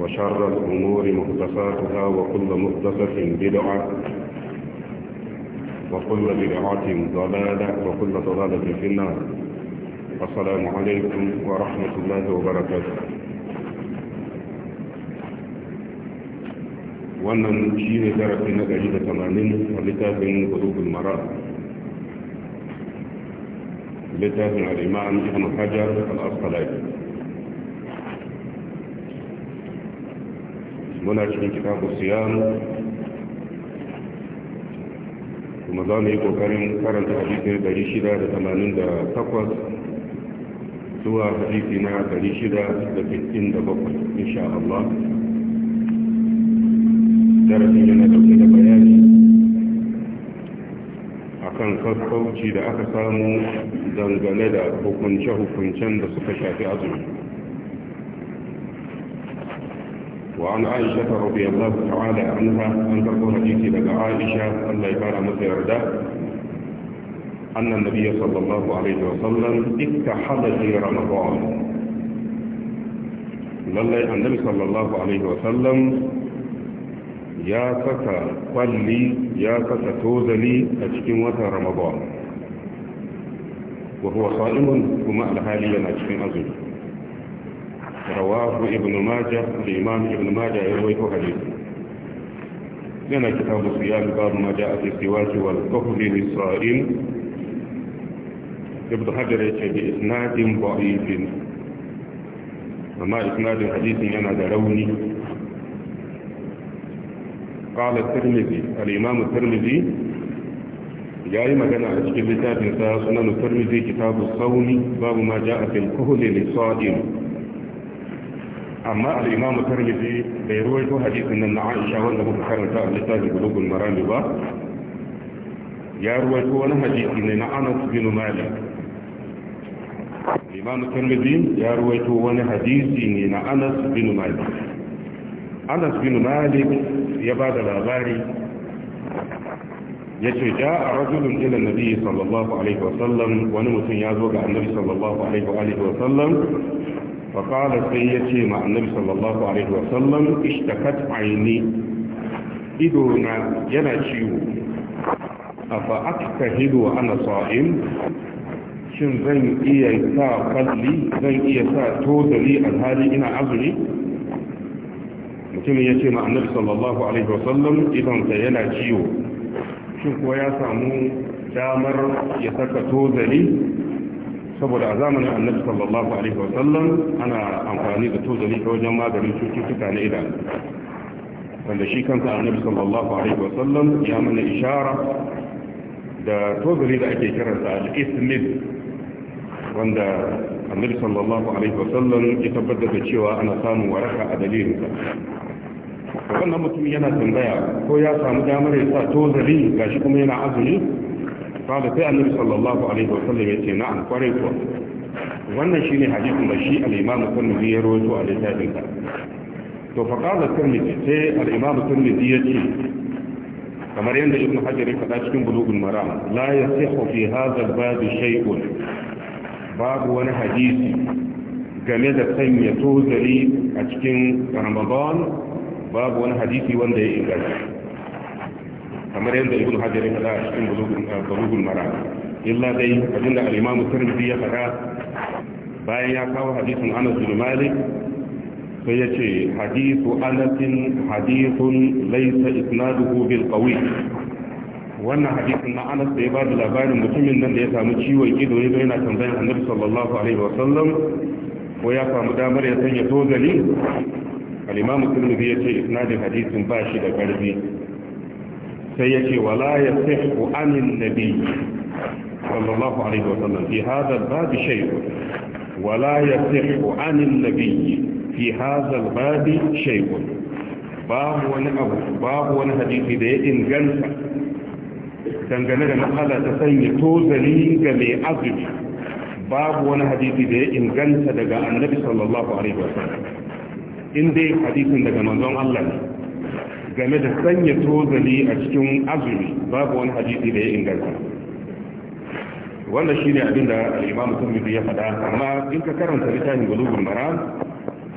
وشر الأمور مهدفاتها وكل مهدفة بدعة وكل بدعة ضلالة وكل ضلالة في النار السلام عليكم ورحمة الله وبركاته wannan shi ne zarafi na 180 a littafin المرأة mara littafin al'imam ibn hajar al'asqalai muna cikin kitabu siyam kuma za mu yi kokarin karanta hadisi na 688 zuwa hadisi na 667 insha Allah darasin yana dauke da bayani akan sassauci da aka samu dangane da hukunce-hukuncen da suka shafi azumi وعن عائشة رضي الله تعالى عنها أن تقول في سيرة عائشة أن لا يفعل مسيردا أن النبي صلى الله عليه وسلم اكتحل في رمضان لأن النبي صلى الله عليه وسلم يا فتى قل يا فتى توزلي لي أجكم رمضان وهو صائم وما الحالي أن أجكم أزوجه رواه ابن ماجه الإمام ابن ماجه يروي حديث لنا كتاب الصيام باب ما جاء في السواك والكفر للصائم ابن حجر يتشي إسناد ضعيف وما إسناد حديث أنا دروني قال الترمذي الإمام الترمذي جاي مجانا أشكل لتاتي سنن الترمذي كتاب الصوم باب ما جاء في الكهل للصائم amma al-imam tarmizi bai ruwaito hadisi nan na Aisha wanda muka karanta a littafin bulugul marami ba ya ruwaito wani hadisi ne na Anas bin Malik imam tarmizi ya ruwaito wani hadisi ne na Anas bin Malik Anas bin Malik ya ba da labari ya ce ja a rajulun ilan nabi sallallahu alaihi wasallam wani mutum ya zo ga annabi sallallahu alaihi wasallam faƙala sai ya ce ma annabi sallallahu alaihi wa wasallam ishtakat aini ido na yana ciwo a fa'akta hido ana sa'in shin zan iya sa kalli zan iya sa tozali alhali ina azumi mutumin ya ce ma annabi sallallahu alaihi wa wasallam idonsa yana ciwo shin ko ya samu damar ya saka tozali saboda a zamanin annabi sallallahu alaihi wasallam ana amfani da tozali ta wajen maganin cututtuka na idanu wanda shi kansa annabi sallallahu alaihi wasallam ya mana ishara da tozali da ake kiransa al-ismid wanda annabi sallallahu alaihi wasallam ya tabbatar da cewa ana samun waraka a dalilinsa wannan mutum yana tambaya ko ya samu damar ya sa tozali gashi kuma yana azumi kada sai annabi sallallahu alaihi wa sallam yace an kware kuwa wannan shine hadisin da shi al-imam Tirmidhi ya rawaito a littafin sa to fa kada Tirmidhi sai al-imam Tirmidhi yace kamar yadda Ibn Hajar ya faɗa cikin Bulughul Maram la yasihu fi hadha al-bab shay'un babu wani hadisi game da sanya tozali a cikin Ramadan babu wani hadisi wanda ya inganta kamar yadda ibn hajar ya kada a cikin bulugun mara illa dai abin da al-imamu tirmidhi ya kada bayan ya kawo hadisin anas bin malik sai ya ce hadisu anasin hadithun laisa isnaduhu bil qawi wannan hadisin na anas da ya ba da labarin mutumin nan da ya samu ciwon ido ne don yana tambayan annabi sallallahu alaihi wa sallam ko ya samu damar ya sanya tozali al-imam turmudi ya ce isnadin hadithin ba shi da karfi sai yake wala ya sihu anin nabi sallallahu alaihi wasallam fi hadha al-bab shay wala ya sihu anin nabi fi hadha al-bab shay babu wani abu babu wani hadisi da ya inganta dangane da matsala ta sanya tozali ga mai azumi babu wani hadisi da ya inganta daga annabi sallallahu alaihi wa sallam. in dai hadisin daga manzon Allah ne game da sanya tozali a cikin azumi babu wani hadisi da ya inganta wannan shine abin da al ya faɗa amma in ka karanta littafin Bulughul mara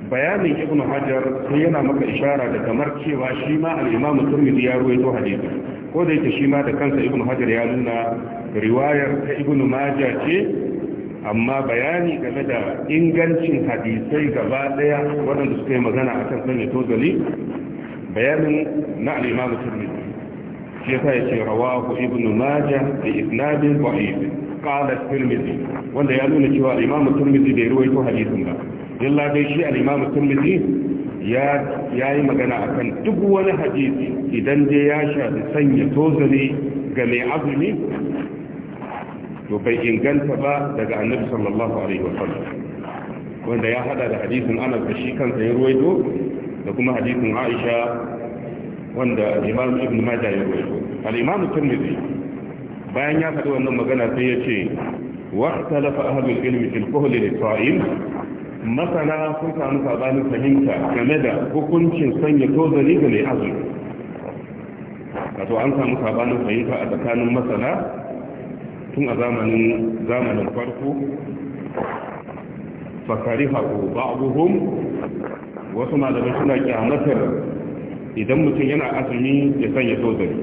bayanin Ibn Hajar sai yana maka ishara da kamar cewa shi ma al'imamu imam ya ruwaito hadisi ko da yake shi ma da kansa Ibn Hajar ya nuna riwayar ta Ibn maja ce amma bayani game da ingancin hadisai gaba daya waɗanda suka yi magana a akan sanya tozali bayanin na al-imam shi yasa yace rawahu ibnu majah bi isnadin da'if qala turmidi wanda ya nuna cewa al-imam bai ruwaito hadisin ba illa dai shi al-imam ya yayi magana akan duk wani hadisi idan dai ya shafi sanya tozali ga mai azumi to bai inganta ba daga annabi sallallahu alaihi wasallam wanda ya hada da hadisin anas da shi kansa ya ruwaito da kuma hadisin Aisha wanda Imam Ibn Majah ya rawaito al-Imam Tirmidhi bayan ya faɗi wannan magana sai ya ce waqtalafa ahlul ilmi fil quhl lis-sa'im masana sun samu sabanin fahimta game da hukuncin sanya tozali ga mai azumi wato an samu sabanin fahimta a tsakanin masana tun a zamanin zamanin farko fakari haku ba'uhum wasu malamai suna kyamatar idan mutum yana azumi ya sanya tozari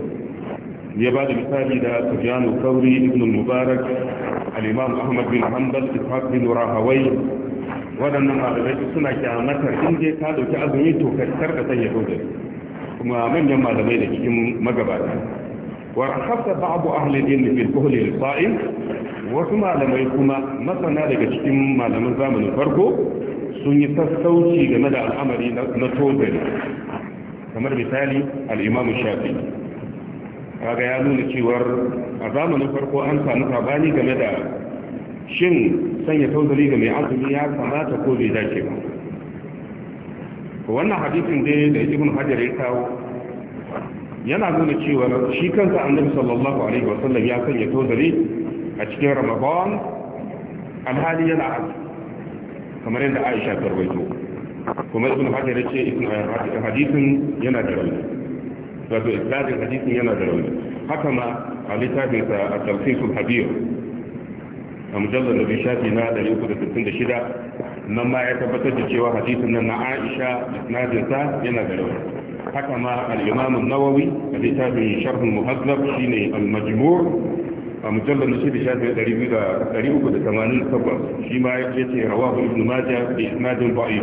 ya ba da misali da sufyanu kauri ibn mubarak al-imam ahmad bin hanbal ishaq bin rahawai waɗannan malamai suna kyamatar in dai ka dauki azumi to ka karka sanya tozari kuma manyan malamai da cikin magabata wa hafsa ba'du ahli al-ilm fil kuhl al-sa'im wasu malamai kuma masana daga cikin malaman zamanin farko sun yi sassauci game da al'amari na tozari kamar misali al'imamu shafi kaga ya nuna cewar a zamanin farko an samu sabani game da shin sanya tozari ga mai azumi ya kamata ko bai dace ba wannan hadisin dai da ibn hajar ya kawo yana nuna cewar shi kansa annabi sallallahu alaihi wasallam ya sanya tozari a cikin ramadan alhali yana azumi kamar yadda aisha ta rawaito kuma ibn hajar ya ce hadisin yana da rauni wato isnadin hadisin yana da rauni haka ma a littafin sa a tafsirul habir a mujallar da shafi na 366 nan ma ya tabbatar da cewa hadisin nan na aisha isnadin sa yana da rauni haka ma al-imam an-nawawi a littafin sharh al-muhazzab shine al-majmu' a mujallar nashi da shafi ɗari biyu da ɗari uku da tamanin da takwas shi ma ya ce rawahu ibn majah da isnadin ba'if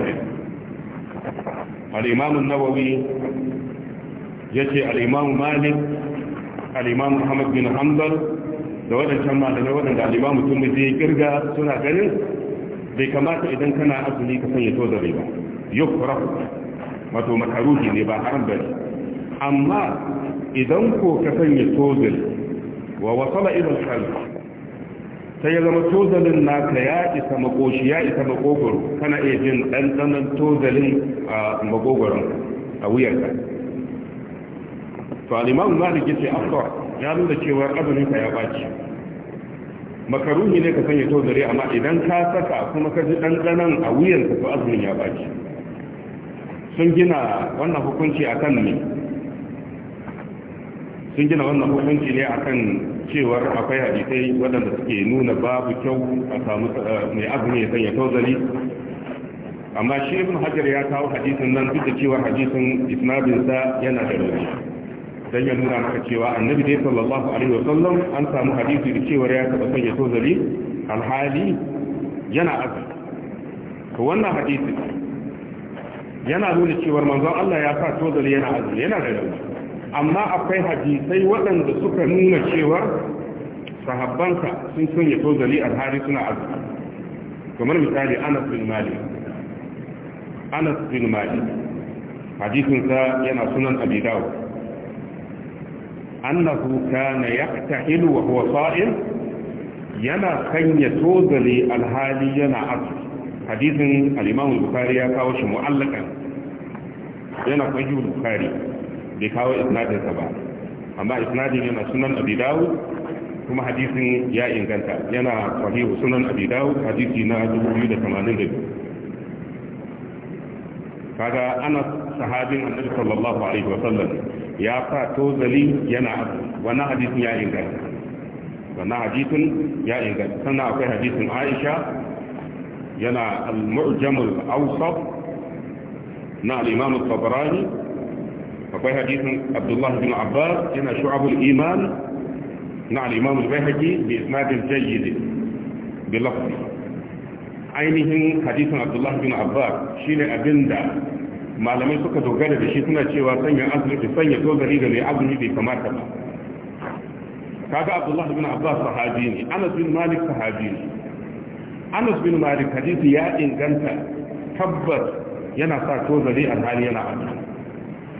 al-imam an-nawawi ya ce imam malik al-imam ahmad bin hanbal da waɗancan malamai waɗanda al tun tirmidhi ya kirga suna ganin bai kamata idan kana azumi ka sanya tozare ba yukra wato makaruhi ne ba haram bane amma idan ko ka sanya tozare wa wasala ilal qalb sai ya zama tozalin naka ya isa makoshi ya isa makogoro kana iya jin ɗanɗanon tozalin a makogoron a wuyarka to alimamu malik yace afkar ya nuna cewa azumin ka ya baci makaruhi ne ka sanya tozali amma idan ka saka kuma ka ji ɗanɗanon a wuyarka to azumin ya baci sun gina wannan hukunci akan ne sun gina wannan hukunci ne akan cewar akwai hadisai waɗanda suke nuna babu kyau a samu eh, mai azumi ya sanya tozali amma shi ibn hajar ya kawo hadisin nan duk da cewa hadisin isnadinsa yana da rauni dan ya nuna maka cewa annabi dai sallallahu alaihi wa sallam an samu hadisi da cewa ya taɓa sanya tozali alhali yana azumi to wannan hadisi yana nuna cewa manzon Allah ya sa tozali yana azumi yana da rauni amma akwai hadisai waɗanda suka nuna cewa sahabbanka sun sanya tozali alhari suna azumi kamar misali anas bin malik anas bin malik hadisinsa yana sunan abi dawud annahu kana yaqtahilu wa huwa sa'im yana sanya zali alhali yana azumi hadisin al-imam bukhari ya kawo shi mu'allakan yana sahih bukhari bai kawo isnadinsa ba amma isnadin yana sunan abi dawo, kuma hadisin ya inganta yana sahihu sunan abi dawo, hadisi na 2082 kaga ana sahabin annabi sallallahu alaihi wa sallam ya fa tozali yana wannan hadisin ya inganta wannan hadisin ya inganta sannan akwai hadisin Aisha yana al-mu'jamul awsat na al-imam al-tabarani akwai hadisin abdullahi bin abbas yana shu'abul iman na al-imam al-bayhaqi bi isnadin jayyid bi lafzi ainihin hadisin abdullahi bin abbas shine abinda malamai suka dogara da shi suna cewa sanya azumi sanya dogari ga mai azumi bai kamata ba kaga abdullahi bin abbas sahabi ne anas bin malik sahabi ne anas bin malik hadisi ya inganta tabbas yana sa tozali a hali yana abu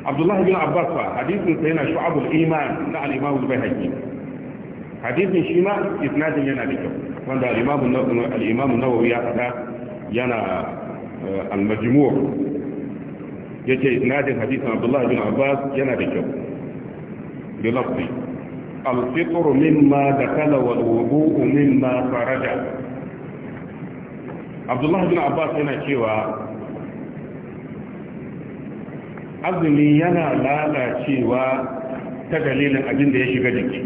abdullahi bin abbas fa hadisin sa yana shu'abul iman na al-imam al-bayhaqi shi ma isnadin yana da kyau wanda al-imam al yana eh, al-majmu' yace isnadin hadisin abdullahi bin abbas yana da kyau bi lafzi al faraja abdullahi bin abbas yana cewa azumi yana lalacewa ta dalilin abin da ya shiga jiki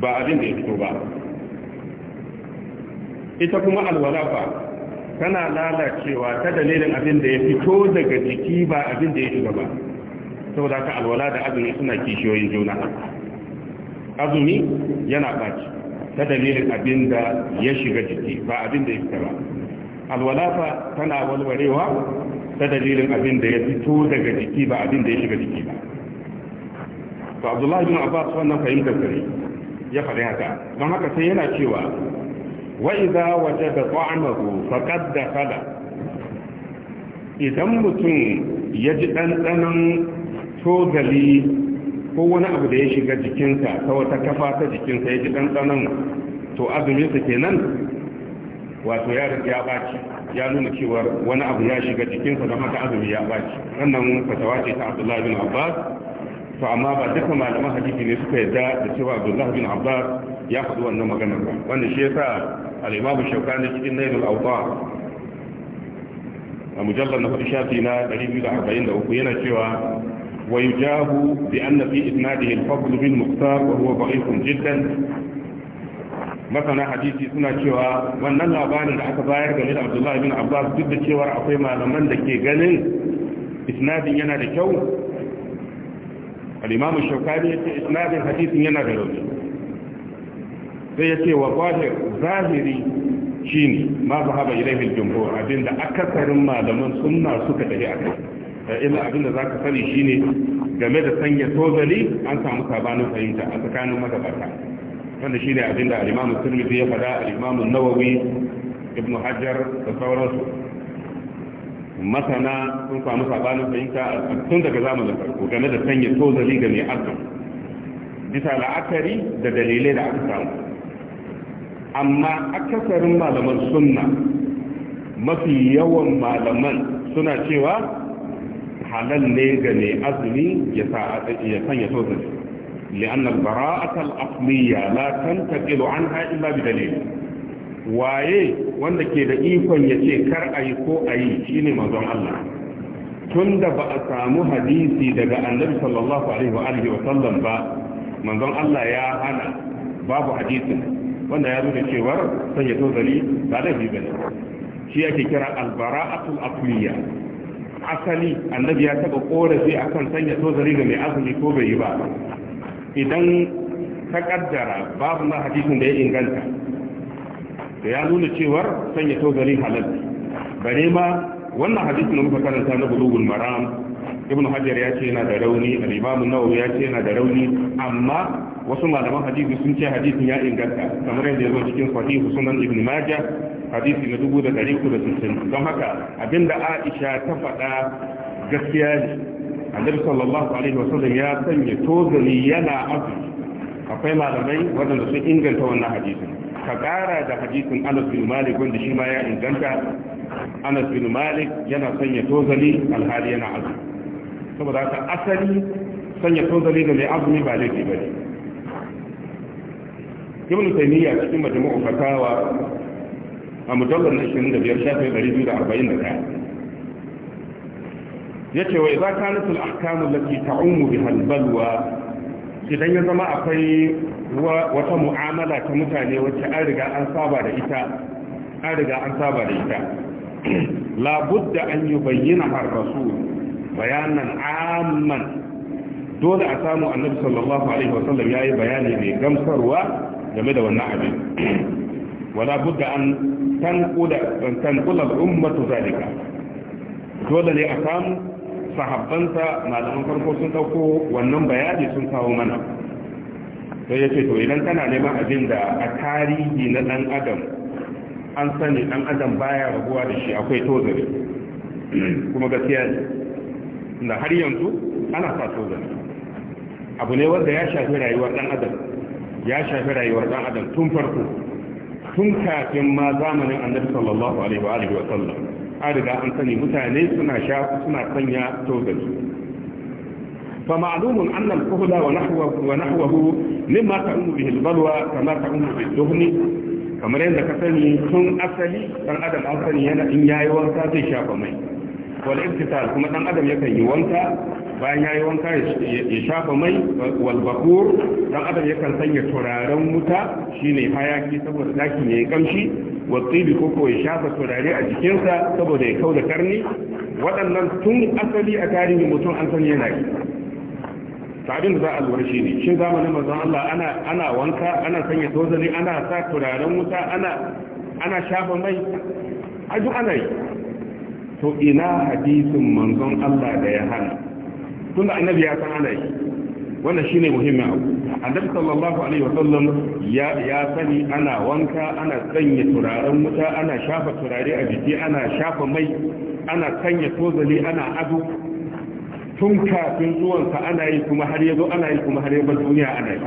ba abin da ya fito ba ita kuma alwalafa tana lalacewa ta dalilin abin da ya fito daga jiki ba abin da ya shiga ba saboda ka alwala da azumi suna kishiyoyin juna azumi yana baci ta dalilin abin da ya shiga jiki ba abin da ya fito ba Alwalafa tana walwarewa ta dalilin abin da ya fito daga jiki ba abin da ya shiga jiki ba to abdullahi bin abbas wannan fahimtar sare ya faɗi haka don haka sai yana cewa wa idza wajada ta'amahu faqad dakhala idan mutum ya ji ɗanɗanon togali ko wani abu da ya shiga jikinsa ta wata kafa ta jikinsa ya ji ɗanɗanon to azuminsa kenan wato ya riga ya baci ya nuna cewa wani abu ya shiga cikinsa da haka azumi ya baci wannan fatawa ce ta abdullahi bin abbas to amma ba duka malaman hadisi ne suka yarda da cewa abdullahi bin abbas ya faɗi wannan maganar ba wanda shi yasa al-imam shaukani cikin nailul awqa a mujallar na hudu shafi na 243 yana cewa ويجاه بأن في إسناده الفضل بن مختار وهو ضعيف جدا masana hadisi suna cewa wannan labarin da aka bayar game da abdullahi bin abbas duk da cewar akwai malaman da ke ganin isnadin yana da kyau al-imamu ya ce isnadin hadisin yana da rauni sai ya ce wa zahir zahiri shine ma zahaba ilaihi al-jumhur abinda akasarin malaman sunna suka tafi akai eh, illa abinda ka sani shine game da sanya tozali an samu sabanin fahimta a tsakanin magabata wanda shi ne abinda alimamun turmiti ya fada alimamun nawawi ibn hajjar da sauransu masana sun samu sabanin fahimta tun daga zamanin farko game da sanya tozali ga mai azan bisa la'akari da dalilai da aka samu amma akasarin malaman sunna mafi yawan malaman suna cewa halal ne ga mai azumi ya sanya tozali لأن البراءة الأصلية لا تنتقل عنها إلا بدليل waye wanda ke da ikon ya ce kar a yi ko a yi shi ne mazan Allah tun ba a samu hadisi daga annabi sallallahu alaihi wa sallam ba manzon Allah ya hana babu hadisin wanda ya nuna cewar sai ya ba da bi bane shi ake kira albara'atul aqliya asali annabi ya taba korafi akan sanya tozali ga mai azumi ko bai yi ba idan ta kaddara babu ma hadisin da ya inganta da ya nuna cewar sanya tozalin halal bare ma wannan hadisin da muka karanta na bulugul maram ibnu hajar ya ce yana da rauni al-imam nawawi ya ce yana da rauni amma wasu malaman hadisi sun ce hadisin ya inganta kamar yadda yazo cikin sahihu sunan ibn majah hadisi na 1360 don haka abinda aisha ta faɗa gaskiya ne annabi sallallahu alaihi wa sallam ya sanya tozali yana azumi akwai malamai waɗanda sun inganta wannan hadisin ka ƙara da hadisin anas bin malik wanda shi ma ya inganta anas bin malik yana sanya tozali alhali yana azumi saboda haka asali sanya tozali da mai azumi ba laifi ba ne ibn taymiya cikin majmu'u fatawa a mujallar na 25 shafin 241 yace wa idza kanat al da allati ta'umu biha al balwa idan ya zama akwai wata mu'amala ta mutane wacce an riga an saba da ita an riga an saba da ita la budda an yubayyana har rasul bayanan amman dole a samu annabi sallallahu alaihi wasallam yayi bayani mai gamsarwa game da wannan abin wala budda an tanqula tanqula al ummatu zalika dole ne a samu sahabbanta malaman farko sun dauko wannan bayani sun kawo mana sai ya ce to idan kana neman abin da a tarihi na dan adam an sani dan adam baya rabuwa da shi akwai tozari kuma gaskiya ne da har yanzu ana sa tozari abu ne wanda ya shafi rayuwar dan adam ya shafi rayuwar dan adam tun farko tun kafin ma zamanin annabi sallallahu alaihi wa alihi wa sallam an riga an sani mutane suna sha suna sanya tozali fa ma'lumun anna al-kuhla wa nahwahu wa nahwahu mimma ta'umu bihi al-balwa kama ta'umu bihi kamar yadda ka sani tun asali dan adam an sani yana in yayi wanka zai shafa mai wal ibtisal kuma dan adam yakan yi wanka bayan ya yi wanka ya shafa mai walbakur dan adam yakan sanya turaren wuta ne hayaki saboda dakin ya yi kamshi watsibi koko ya shafa turare a jikinsa saboda ya kau da karni waɗannan tun asali a tarihin mutum an san yana yi sabin da za a lura shi ne shin zamanin manzon Allah ana wanka ana sanya tozali ana sa turaren wuta ana shafa mai aju ana yi to ina hadisin manzon Allah da ya hana tunda annabi ya san ana yi wannan shine muhimmin abu annabi sallallahu alaihi wasallam ya ya sani ana wanka ana sanya turaren wuta ana shafa turare a jiki ana shafa mai ana sanya tozali ana ado tun kafin sa ana yi kuma har yazo ana yi kuma har yazo duniya ana yi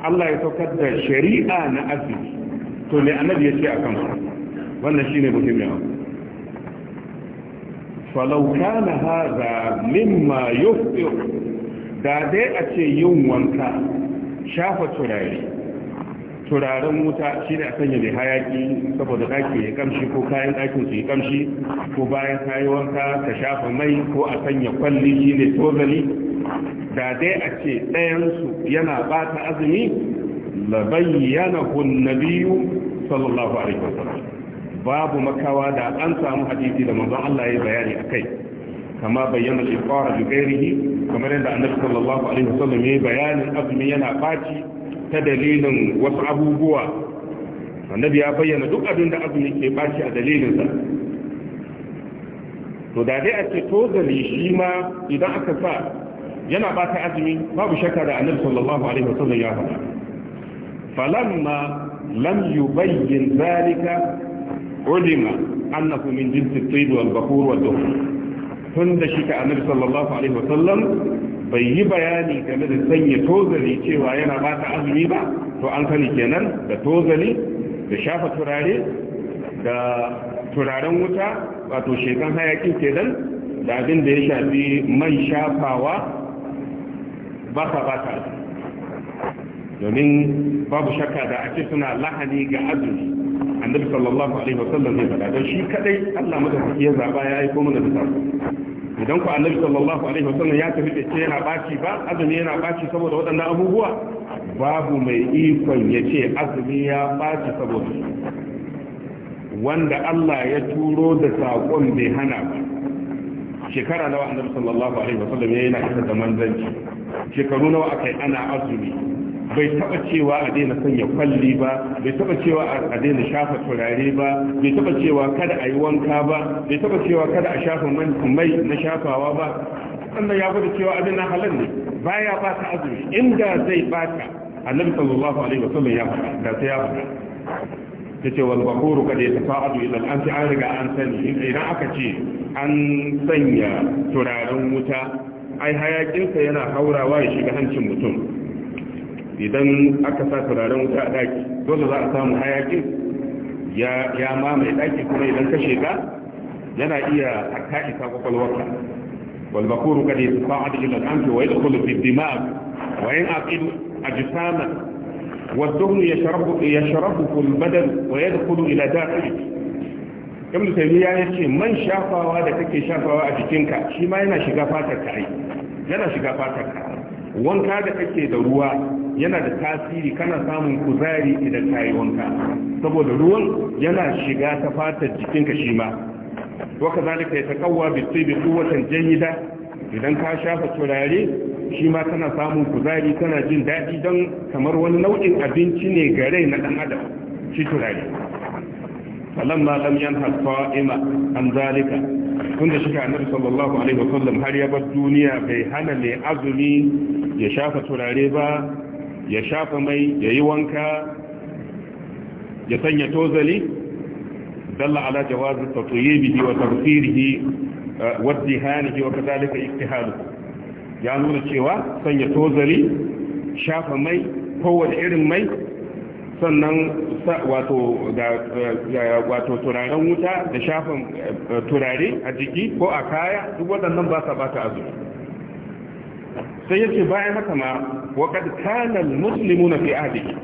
Allah ya saukar da shari'a na azumi to ne annabi ya ce akan wannan shine muhimmin abu falau kana haza mimma yufir da dai a ce yin wanka shafa turare turaren wuta shi ne a sanya mai hayaki saboda ɗaki ya kamshi ko kayan ɗakin su ya kamshi ko bayan kayi wanka ka shafa mai ko a sanya kwalli shi ne tozali da dai a ce ɗayansu yana ɓata azumi labayyana hun nabiyu sallallahu alaihi wasallam babu makawa da an samu hadisi da manzon Allah ya bayani akai kama bayyana al-iqrar bi ghairihi kamar yadda annabi sallallahu alaihi wasallam ya bayanin azumi yana baci ta dalilin wasu abubuwa annabi ya bayyana duk abin da azumi ke baci a dalilin sa to da dai a ce to zali shi ma idan aka sa yana bata azumi babu shakka da annabi sallallahu alaihi wasallam ya faɗa falamma lam yubayyin zalika ulima annahu min jinsi tsid wal bakur wal tun da shi ka annabi sallallahu alaihi wa sallam bai yi bayani game da sanya tozali cewa yana ba ta azumi ba to an sani kenan da tozali da shafa turare da turaren wuta wato shekan hayakin kenan da abin da ya shafi man shafawa ba ta ba ta domin babu shakka da ake suna lahani ga azumi annabi sallallahu alaihi wasallam zai faɗa don shi kadai Allah madaukaki ya zaba ya aiko mana da sako idan ku annabi sallallahu alaihi wasallam ya tafi da yana baci ba azumi yana baci saboda waɗannan abubuwa babu mai ikon ya ce azumi ya baci saboda wanda Allah ya turo da sakon bai hana ba shekara nawa annabi sallallahu alaihi wasallam yana isa da manzanci shekaru nawa akai ana azumi bai taba cewa a daina sanya kwalli ba bai taba cewa a daina shafa turare ba bai taba cewa kada a yi wanka ba bai taba cewa kada a shafa mai na shafawa ba sannan ya gwada cewa abin na halal ne baya ba ta azumi inda zai baka annabi sallallahu alaihi wasallam ya faɗa da sai ya faɗa ta ce wal bakuru kada ya tafa'adu idan an ci an riga an sani idan aka ce an sanya turaren wuta ai hayakinsa yana haurawa ya shiga hancin mutum idan aka sa turaren wuta a daki dole za a samu hayakin ya mamaye daki kuma idan ka shiga yana iya hatta isa kwakwalwarka والبكور قد يتصاعد إلى الأنف ويدخل في الدماغ وينعقد أجساما والدهن يشرب يشرب في البدن ويدخل إلى داخله ibn taymiya ya ce man shafawa da kake shafawa a jikinka shi ma yana shiga fatar ka yana shiga fatar ka wanka da kake da ruwa yana da tasiri kana samun kuzari idan ka yi wanka saboda ruwan yana shiga ta fatar jikinka shi ma waka zalika ya taƙawa bitai da kuwatan jayida idan ka shafa turare shi ma kana samun kuzari kana jin daɗi don kamar wani nau'in abinci ne ga rai na ɗan adam shi turare falamma lam yanha sa'ima an zalika tun da shiga annabi sallallahu alaihi wasallam har ya bar duniya bai hana mai azumi ya shafa turare ba ya shafa mai ya yi wanka ya sanya tozali dalla ala jawazi tatyibihi wa tafsirihi eh, wa dihanihi wa kadhalika istihalu ya nuna cewa sanya tozali shafa mai kowane irin mai sannan wato turaren wuta da shafin eh, turare a jiki ko a kaya duk waɗannan ba sa bata azumi sai yace bayan haka ma waqad kana na fi ahdihi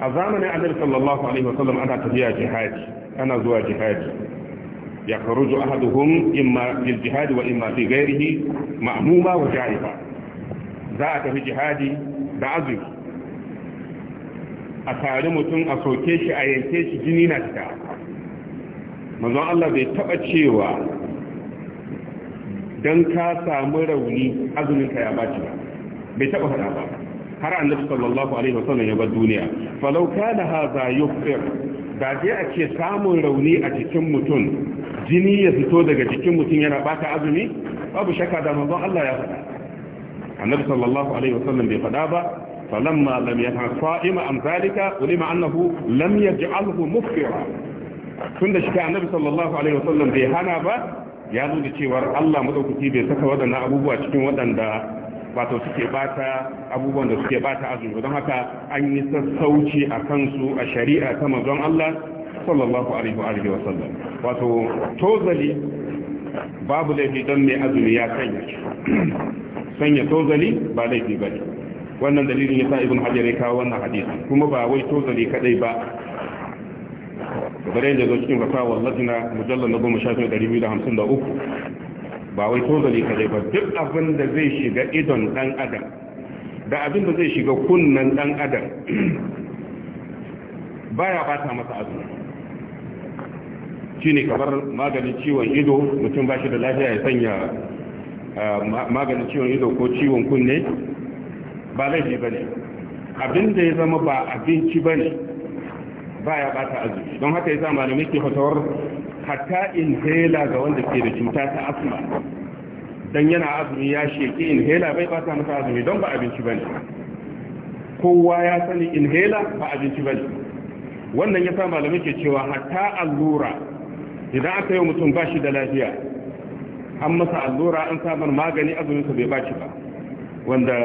a zamanin annabi sallallahu alaihi wasallam ana tafiya jihadi ana zuwa jihadi ya kharuju ahaduhum imma fil jihadi wa imma fi ghairihi ma'muma wa za a tafi jihadi da azumi a tare mutum a soke shi a yanke shi jini na fita manzon Allah bai taba cewa don ka samu rauni azumin ka ya baci ba bai taba faɗa ba har annabi sallallahu alaihi wa sallam ya bar duniya falau kana hadha yufir da dai a ce samun rauni a jikin mutum jini ya fito daga jikin mutum yana baka azumi babu shakka da manzon Allah ya faɗa annabi sallallahu alaihi wasallam bai faɗa ba falamma lam yanha sa'ima an zalika ulima annahu lam yaj'alhu mufkira tunda shi annabi sallallahu alaihi wasallam bai hana ba ya zo da cewar Allah madaukaki bai saka waɗannan abubuwa cikin waɗanda wato suke bata abubuwan da suke bata azumi don haka an yi sassauci a kansu a shari'a ta manzon Allah sallallahu alaihi wa sallam wato tozali babu laifi don mai azumi ya sanya sanya tozali ba laifi bane wannan dalilin sa ibn hajar ya kawo wannan hadisi kuma ba wai tozali kadai ba bare da zo cikin fasawa wallahi na goma nabu ɗari biyu da hamsin da uku ba wai tozali kadai ba duk abin da zai shiga idon dan adam da abin da zai shiga kunnan dan adam baya bata masa azumi shine kamar maganin ciwon ido mutum ba shi da lafiya ya sanya ah, maganin ciwon ido ko ciwon kunne ba laifi ba ne abin da ya zama ba abinci ba ne ba ya bata azumi don haka ya sa malamai ke fatawar hatta inhaler ga wanda ke da cuta ta asma don yana azumi ya sheke inhaler bai bata masa azumi don ba abinci ba ne kowa ya sani inhaler ba abinci ba ne wannan ya sa malamai ke cewa hatta allura idan aka yi mutum ba shi da lafiya an masa allura an samar magani azuminsa bai baci ba wanda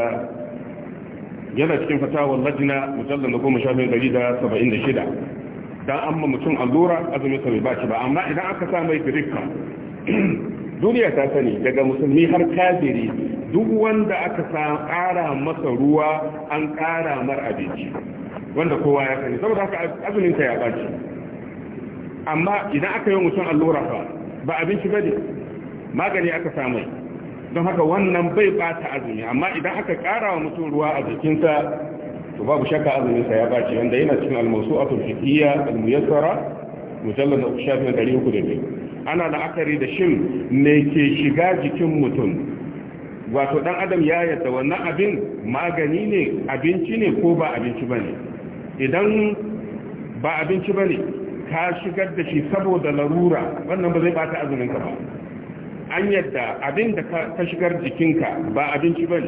yana cikin fatawar lajina mujallar da goma sha biyu dari da saba'in da shida dan an ma mutum allura azumin sa bai ba ba amma idan aka sa mai birika duniya ta sani daga musulmi har kafiri duk wanda aka sa ƙara masa ruwa an kara mar abinci wanda kowa ya sani saboda haka azumin sa ya ɓaci amma idan aka yi mutum allura fa ba abinci bane magani aka sa mai don haka wannan bai bata azumi amma idan aka kara wa mutum ruwa a jikinsa to babu shakka azuminsa ya bace wanda yana cikin almasu'atul fiqhiyya almuyassara mujallad na da ana la'akari da shin me ke shiga jikin mutum wato dan adam ya yadda wannan abin magani ne abinci ne ko ba abinci bane idan ba abinci bane ka shigar da shi saboda larura wannan ba zai bata azuminka ba an yadda abin da ka shigar jikinka ba abinci ba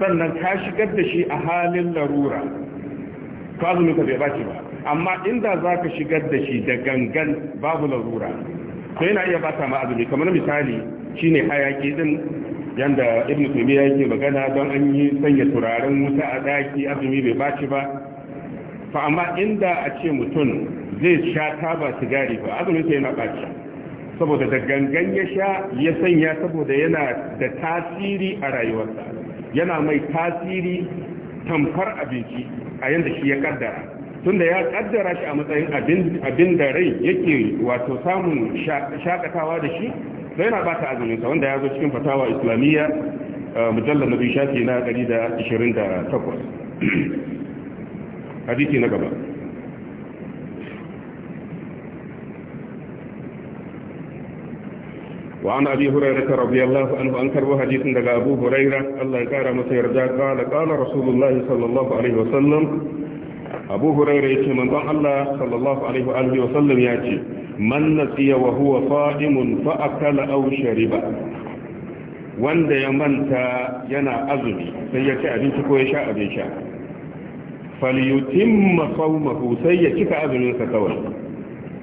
sannan ka shigar da shi a halin larura to ka bai baci ba amma inda za ka shigar da shi da gangan babu larura to yana iya bata ma azumi kamar misali shi shine hayaki din ibn tumi ya yake magana don an yi sanya turaren wuta a daki azumi bai baci ba fa amma inda a ce mutum zai sha taba sigari ba azumin sa yana baci saboda da gangan ya sha ya sanya saboda yana da tasiri a rayuwarsa yana mai tasiri tamfar abinci a yadda shi ya kaddara tunda ya kaddara shi a matsayin abin da rai yake wato samun shakatawa da shi sai yana bata azuminsa wanda ya zo cikin fatawa islamiyya mujallar na biyu shafi na 128 hadisi na gaba وعن أبي هريرة رضي الله عنه أنكر حديث لك أبو هريرة الله يكار مسيرجا قال قال رسول الله صلى الله عليه وسلم أبو هريرة يتي من ضع الله صلى الله عليه وآله وسلم يأتي من نسي وهو صائم فأكل أو شرب wanda ya manta yana azumi sai ya ci abinci ko ya sha abin sha falyutimma sawmahu sai ya cika azumin sa kawai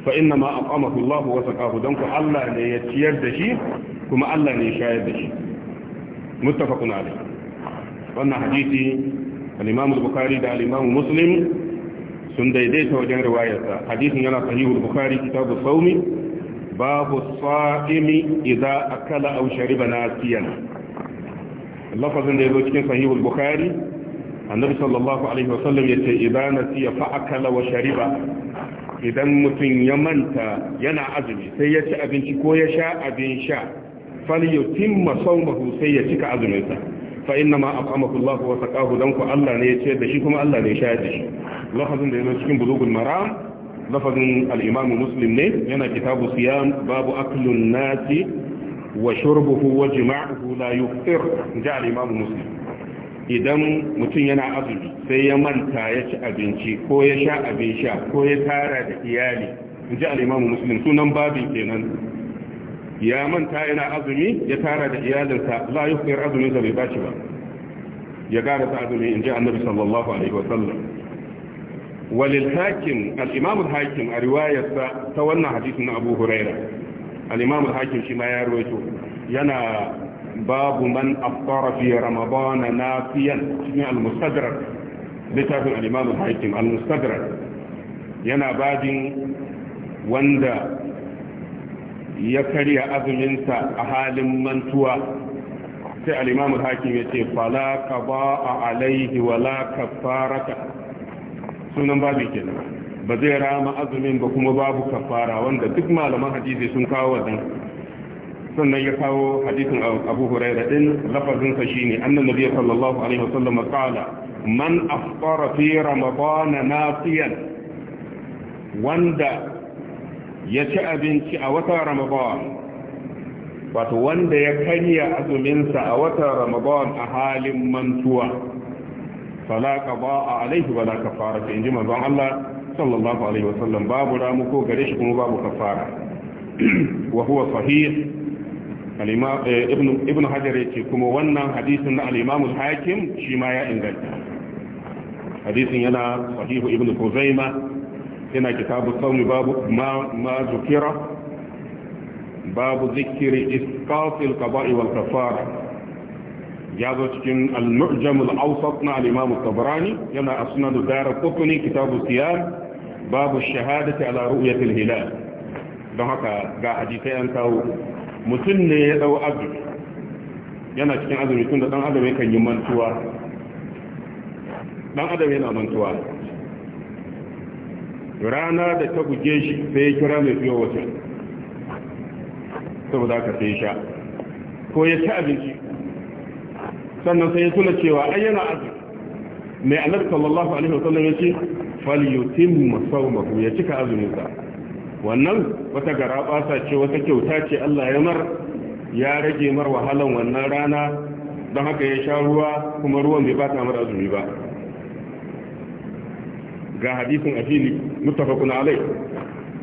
fa inna ma aqamahu Allah wa saqahu dan ko Allah ne ya ciyar da shi kuma Allah ne ya shayar da shi muttafaqun alayh wannan hadisi al-Imam al-Bukhari da al-Imam Muslim sun daidaita wajen riwayarsa hadisin yana sahihul Bukhari kitabu sawmi babu sa'imi idza akala aw shariba nasiyan lafazin da yazo cikin sahihul Bukhari annabi sallallahu alaihi wasallam yace idza nasiya fa akala wa shariba idan mutum ya manta yana azumi sai ya ci abinci ko ya sha abin sha falyutim masaumahu sai ya cika azuminsa fa inna ma aqamahu Allah wa saqahu dan ku Allah ne ya ce da shi kuma Allah ne ya sha da shi lafazin da yana cikin bulugul maram lafazin al-imam muslim ne yana kitabu siyam babu aklun nasi wa shurbuhu wa jima'uhu la yufṭir ja al-imam muslim idan mutum yana azumi sai ya manta ya ci abinci ko ya sha abin sha ko ya tara da iyali in ji al'imamu musulun sunan babin kenan ya manta yana azumi ya tara da iyalinsa za a yi kuyar da bai baci ba ya gara ta azumi in ji annabi sallallahu alaihi wasallam walil hakim al'imamu hakim a riwayarsa ta wannan hadisin na abu huraira al'imamu hakim shi ma ya ruwaito yana babu man afkara fi ramadana nafiyan cikin al-mustadrak littafin al-imam al-hakim al-mustadrak yana bajin wanda ya karya azuminsa a halin mantuwa sai al-imam al-hakim yace fala qada alaihi wala kafarata sunan babu kenan ba zai rama azumin ba kuma babu kafara wanda duk malaman hadisi sun kawo wannan sannan ya kawo hadisin abu huraira din lafazinsa shine annan nabiya sallallahu alaihi wasallam qala man afṭara fi ramadana nasiyan wanda ya ci abinci a watan ramadan wato wanda ya karya azuminsa a watan ramadan a halin mantuwa fala qada'a alaihi wala kafara fa inji manzon Allah sallallahu alaihi wasallam babu ramu ko gare shi kuma babu kafara wa huwa sahih Eh, ibn hajar ya ce kuma wannan hadisin na al'imamu hakim shi ma ya inganta hadisin yana sahihu ibn kuzaima yana kitabu sauni babu ma zukira babu zikiri iskasil kaba'i wal kafara ya zo cikin al-mu'jamul awsat na al tabarani yana asnadu dara kutuni kitabu siyar babu shahadati ala ru'yatil hilal don haka ga hadisai an kawo mutum ne ya dau azumi yana cikin azumi tun da dan adam yakan yi mantuwa dan adam yana mantuwa rana da ta buge shi sai ya kira mai fiye wata saboda ka sai sha ko ya ci abinci sannan sai ya tuna cewa ai yana azumi mai annabi sallallahu alaihi wasallam yace falyutimma sawmahu ya cika azumin sa wannan wata gara basa ce wata kyauta ce Allah ya mar ya rage mar wahalan wannan rana don haka ya sha ruwa kuma ruwan bai bata mar azumi ba ga hadisin afili muttafaqun alai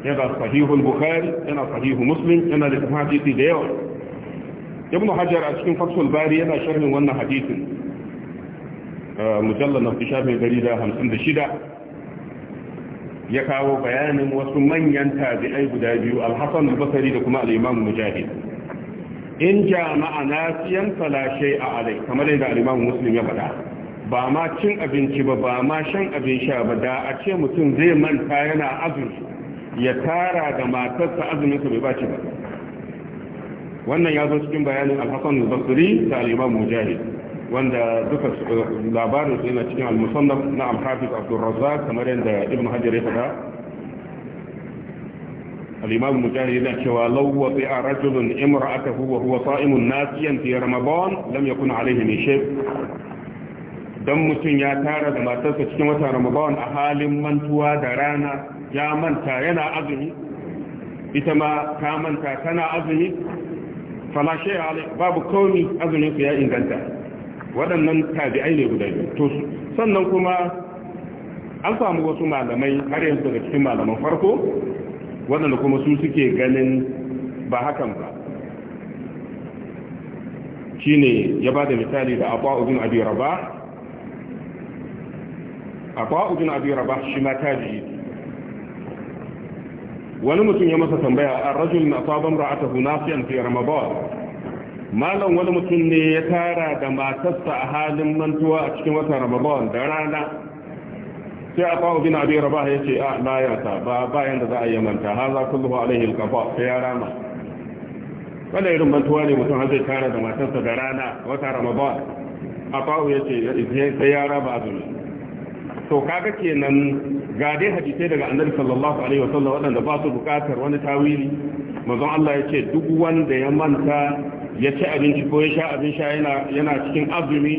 yana sahihul bukhari yana sahihu muslim yana da hadisi da yawa ibnu hajar a cikin fathul bari yana sharhin wannan hadisin uh, mujallal na shafin 156 ya kawo bayanin wasu manyan tabi'ai guda biyu al-hasan al-basri da kuma al-imam mujahid in jama'a siyan fala a alai kamar yadda al muslim ya faɗa ba ma cin abinci ba ba ma shan abin sha ba da a ce mutum zai manta yana azumi ya tara da matarsa azumin sa bai bace ba wannan ya zo cikin bayanin al-hasan al da al-imam mujahid wanda duka eh, labarin su yana cikin al-musannaf na al-hafiz Abdul Razzaq kamar yadda Ibn Hajar ya faɗa al-Imam Mujahid yana cewa law wati'a rajulun imra'atahu wa huwa sa'imun nasiyan fi Ramadan lam yakun alayhi min shay dan mutum ya tara da matarsa cikin wata Ramadan a halin mantuwa da rana ya manta yana azumi ita ma ta manta tana azumi fala shay alai babu kauni azumin su ya inganta waɗannan tabi'ai ne guda biyu to sannan kuma an samu wasu malamai har yanzu daga cikin malaman farko waɗanda kuma su suke ganin ba hakan ba Shi ne ya ba da misali da abuwa ubin abin raba abuwa ubin abin raba shi ma tabi'i wani mutum ya masa tambaya a rajul na sabon ra'atahu nasiyan fi ramadan malam wani mutum ne ya tara da matarsa a halin mantuwa a cikin wata ramadan da rana sai a fa'o bin abin raba ya ce ah, a layata ba bayan da za a yi manta har za kullu alaihi alqafa sai ya rama wanda irin mantuwa ne mutum har zai tara da matarsa da rana wata ramadan a fa'o ya ce sai ya rama azumi to kaga kenan ga dai hadisai daga annabi sallallahu alaihi wasallam waɗanda ba su buƙatar wani tawili manzon Allah ya ce duk wanda ya manta ya ci abinci ko ya sha abin sha yana cikin azumi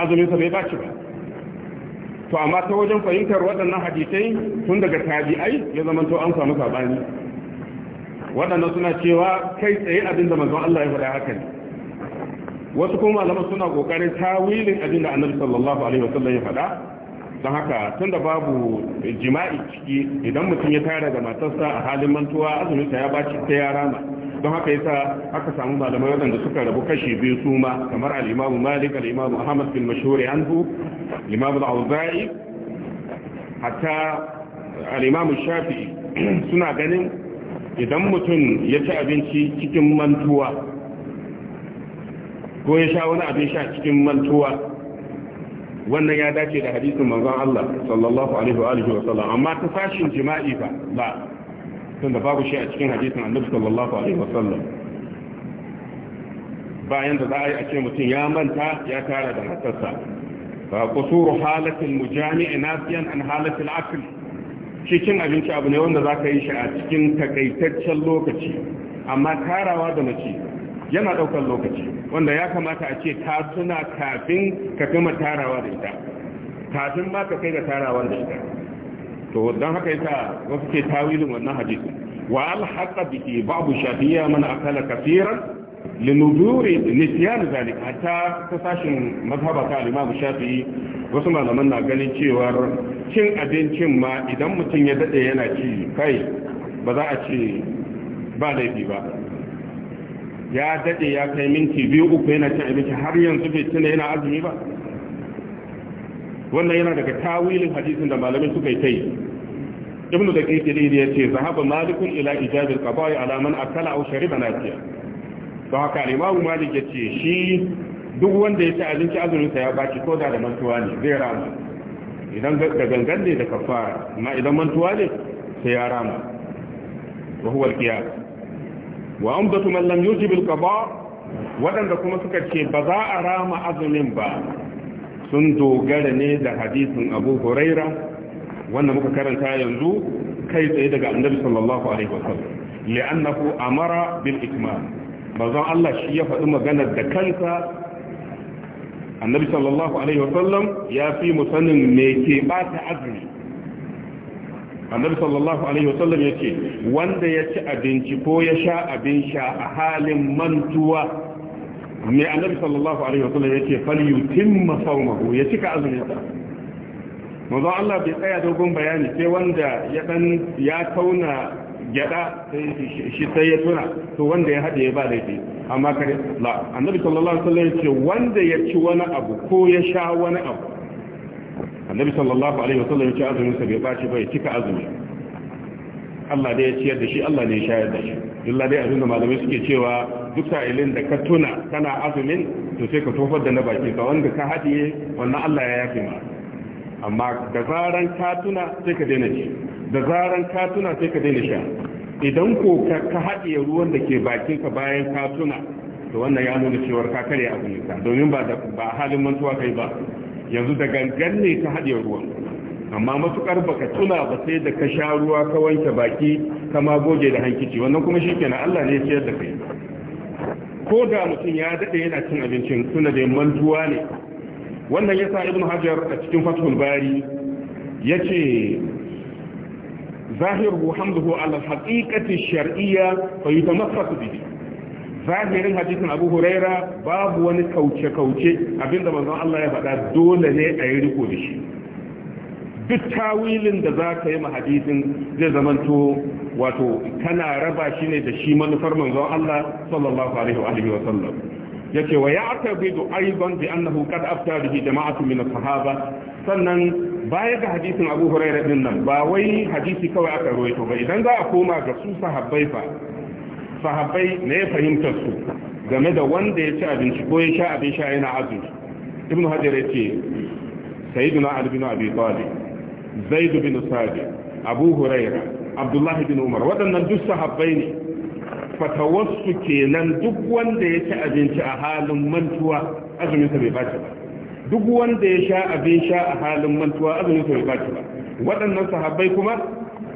sa bai baci ba to amma ta wajen fahimtar waɗannan hadisai tun daga tabi'ai ya zama to an samu sabani waɗannan suna cewa kai tsaye abin da manzon Allah ya faɗa haka ne wasu kuma malaman suna kokarin tawilin abin da annabi sallallahu alaihi wasallam ya faɗa don haka tun da babu jima'i ciki idan mutum ya tara da matarsa a halin mantuwa azuminsa ya baci ta ya rama don haka yasa aka samu malamai waɗanda suka rabu kashi biyu su ma kamar Alimamu malik Alimamu ahmad bin mashhuri anhu al-imamu al-auza'i hatta Alimamu Shafi suna ganin idan mutum ya ci abinci cikin mantuwa ko ya sha wani abin sha cikin mantuwa wannan ya dace da hadisin manzon Allah sallallahu alaihi wa alihi wa sallam amma ta fashin jima'i ba ba tunda babu shi a cikin hadisin Annabi sallallahu alaihi wa sallam bayan da za a yi a ce mutum ya manta ya tara da matarsa fa qusuru halatil mujami'i nafiyan an halatil aql cikin abinci abu ne wanda za ka yi shi a cikin takaitaccen lokaci amma tarawa da mace yana ɗaukar lokaci wanda ya kamata a ce ka tuna kafin ka gama tarawa da ita kafin ma ka kai ga tarawa da ita to don haka yasa wasu ke tawilin wannan hadisi wa alhaqa bihi babu shafiya man akala kafiran لنذور نسيان ذلك حتى تساشن مذهب ta Imam Shafi'i wasu malaman na ganin cewar cin abincin ma idan mutum ya daɗe yana ci kai ba za a ce ba laifi ba ya daɗe ya kai minti biyu uku yana cin abinci har yanzu bai tuna yana azumi ba wannan yana daga tawilin hadisin da malamin suka yi kai. ibn da da ya ce zahaba malikun ila ijabil qada'i ala man akala aw shariba nafiya to haka imamu malik ya ce shi duk wanda ya ci abinci azumin sa ya baci ko da da mantuwa ne zai rama idan da gangan ne da kafara amma idan mantuwa ne sai ya rama wa huwa al-qiyas wa amdatu man lam yujib alqada wadanda kuma suka ce ba za a rama azumin ba sun dogara ne da hadisin Abu Huraira wanda muka karanta yanzu kai tsaye daga Annabi sallallahu alaihi wasallam li'annahu amara bil ikmal bazan Allah shi ya faɗi maganar da kansa Annabi sallallahu alaihi wasallam ya fi sanin me ke bata azumi annabi sallallahu alaihi wasallam ya ce wanda ya ci abinci ko ya sha abin sha a halin mantuwa mai annabi sallallahu alaihi wasallam ya ce falyutim masaumahu ya cika azuminsa mazo Allah bai tsaya dogon bayani sai wanda ya dan ya tauna gyada shi sai ya tuna to wanda ya hade ya ba laifi amma kare la annabi sallallahu alaihi wasallam ya ce wanda ya ci wani abu ko ya sha wani abu annabi sallallahu alaihi wasallam ya ce azumin sa bai bace ba ya cika azumi Allah dai ya ciyar da shi Allah ne ya shayar da shi illa dai abinda malamai suke cewa duk sa'ilin da ka tuna kana azumin to sai ka tofar da na baki ka wanda ka hadiye wannan Allah ya yafe ma amma da zaran ka tuna sai ka daina ci da zaran ka tuna sai ka daina sha idan ko ka haɗiye ruwan da ke bakin ka bayan ka tuna to wannan ya nuna cewar ka karya azumin ka domin ba ba halin mantuwa kai ba yanzu da gangan ne ta haɗe ruwan amma matukar baka tuna ba sai da ka sha ruwa ka wanke baki ka ma goge da hankici wannan kuma shikenan Allah ne ya da kai ko da mutum ya dade yana cin abincin tuna da mantuwa ne wannan yasa ibnu hajar a cikin fathul bari yace zahiru hamduhu ala haqiqati shar'iyya fa yutamassaku bihi zahirin hadisin abu huraira babu wani kauce-kauce abinda manzon Allah ya faɗa dole ne a yi riko da shi duk tawilin da za ka yi ma hadisin zai zamanto wato kana raba shi ne da shi manufar manzon Allah sallallahu alaihi wa sallam yace wa ya'tabidu aidan bi annahu qad afta bihi jama'atu min sahaba sannan baya ga hadisin Abu huraira din nan ba wai hadisi kawai aka rawaito ba idan za a koma ga su sahabbai fa sahabbai ne ya fahimtar su game da wanda ya ci abinci ko ya sha abin sha yana azumi ibnu hajar yace sayyiduna ali bin abi talib zaid bin sabit abu huraira abdullah bin umar waɗannan duk sahabbai ne fatawarsu kenan duk wanda ya ci abinci a halin mantuwa azumin sa bai baci ba duk wanda ya sha abin sha a halin mantuwa azumin sa bai ba waɗannan sahabbai kuma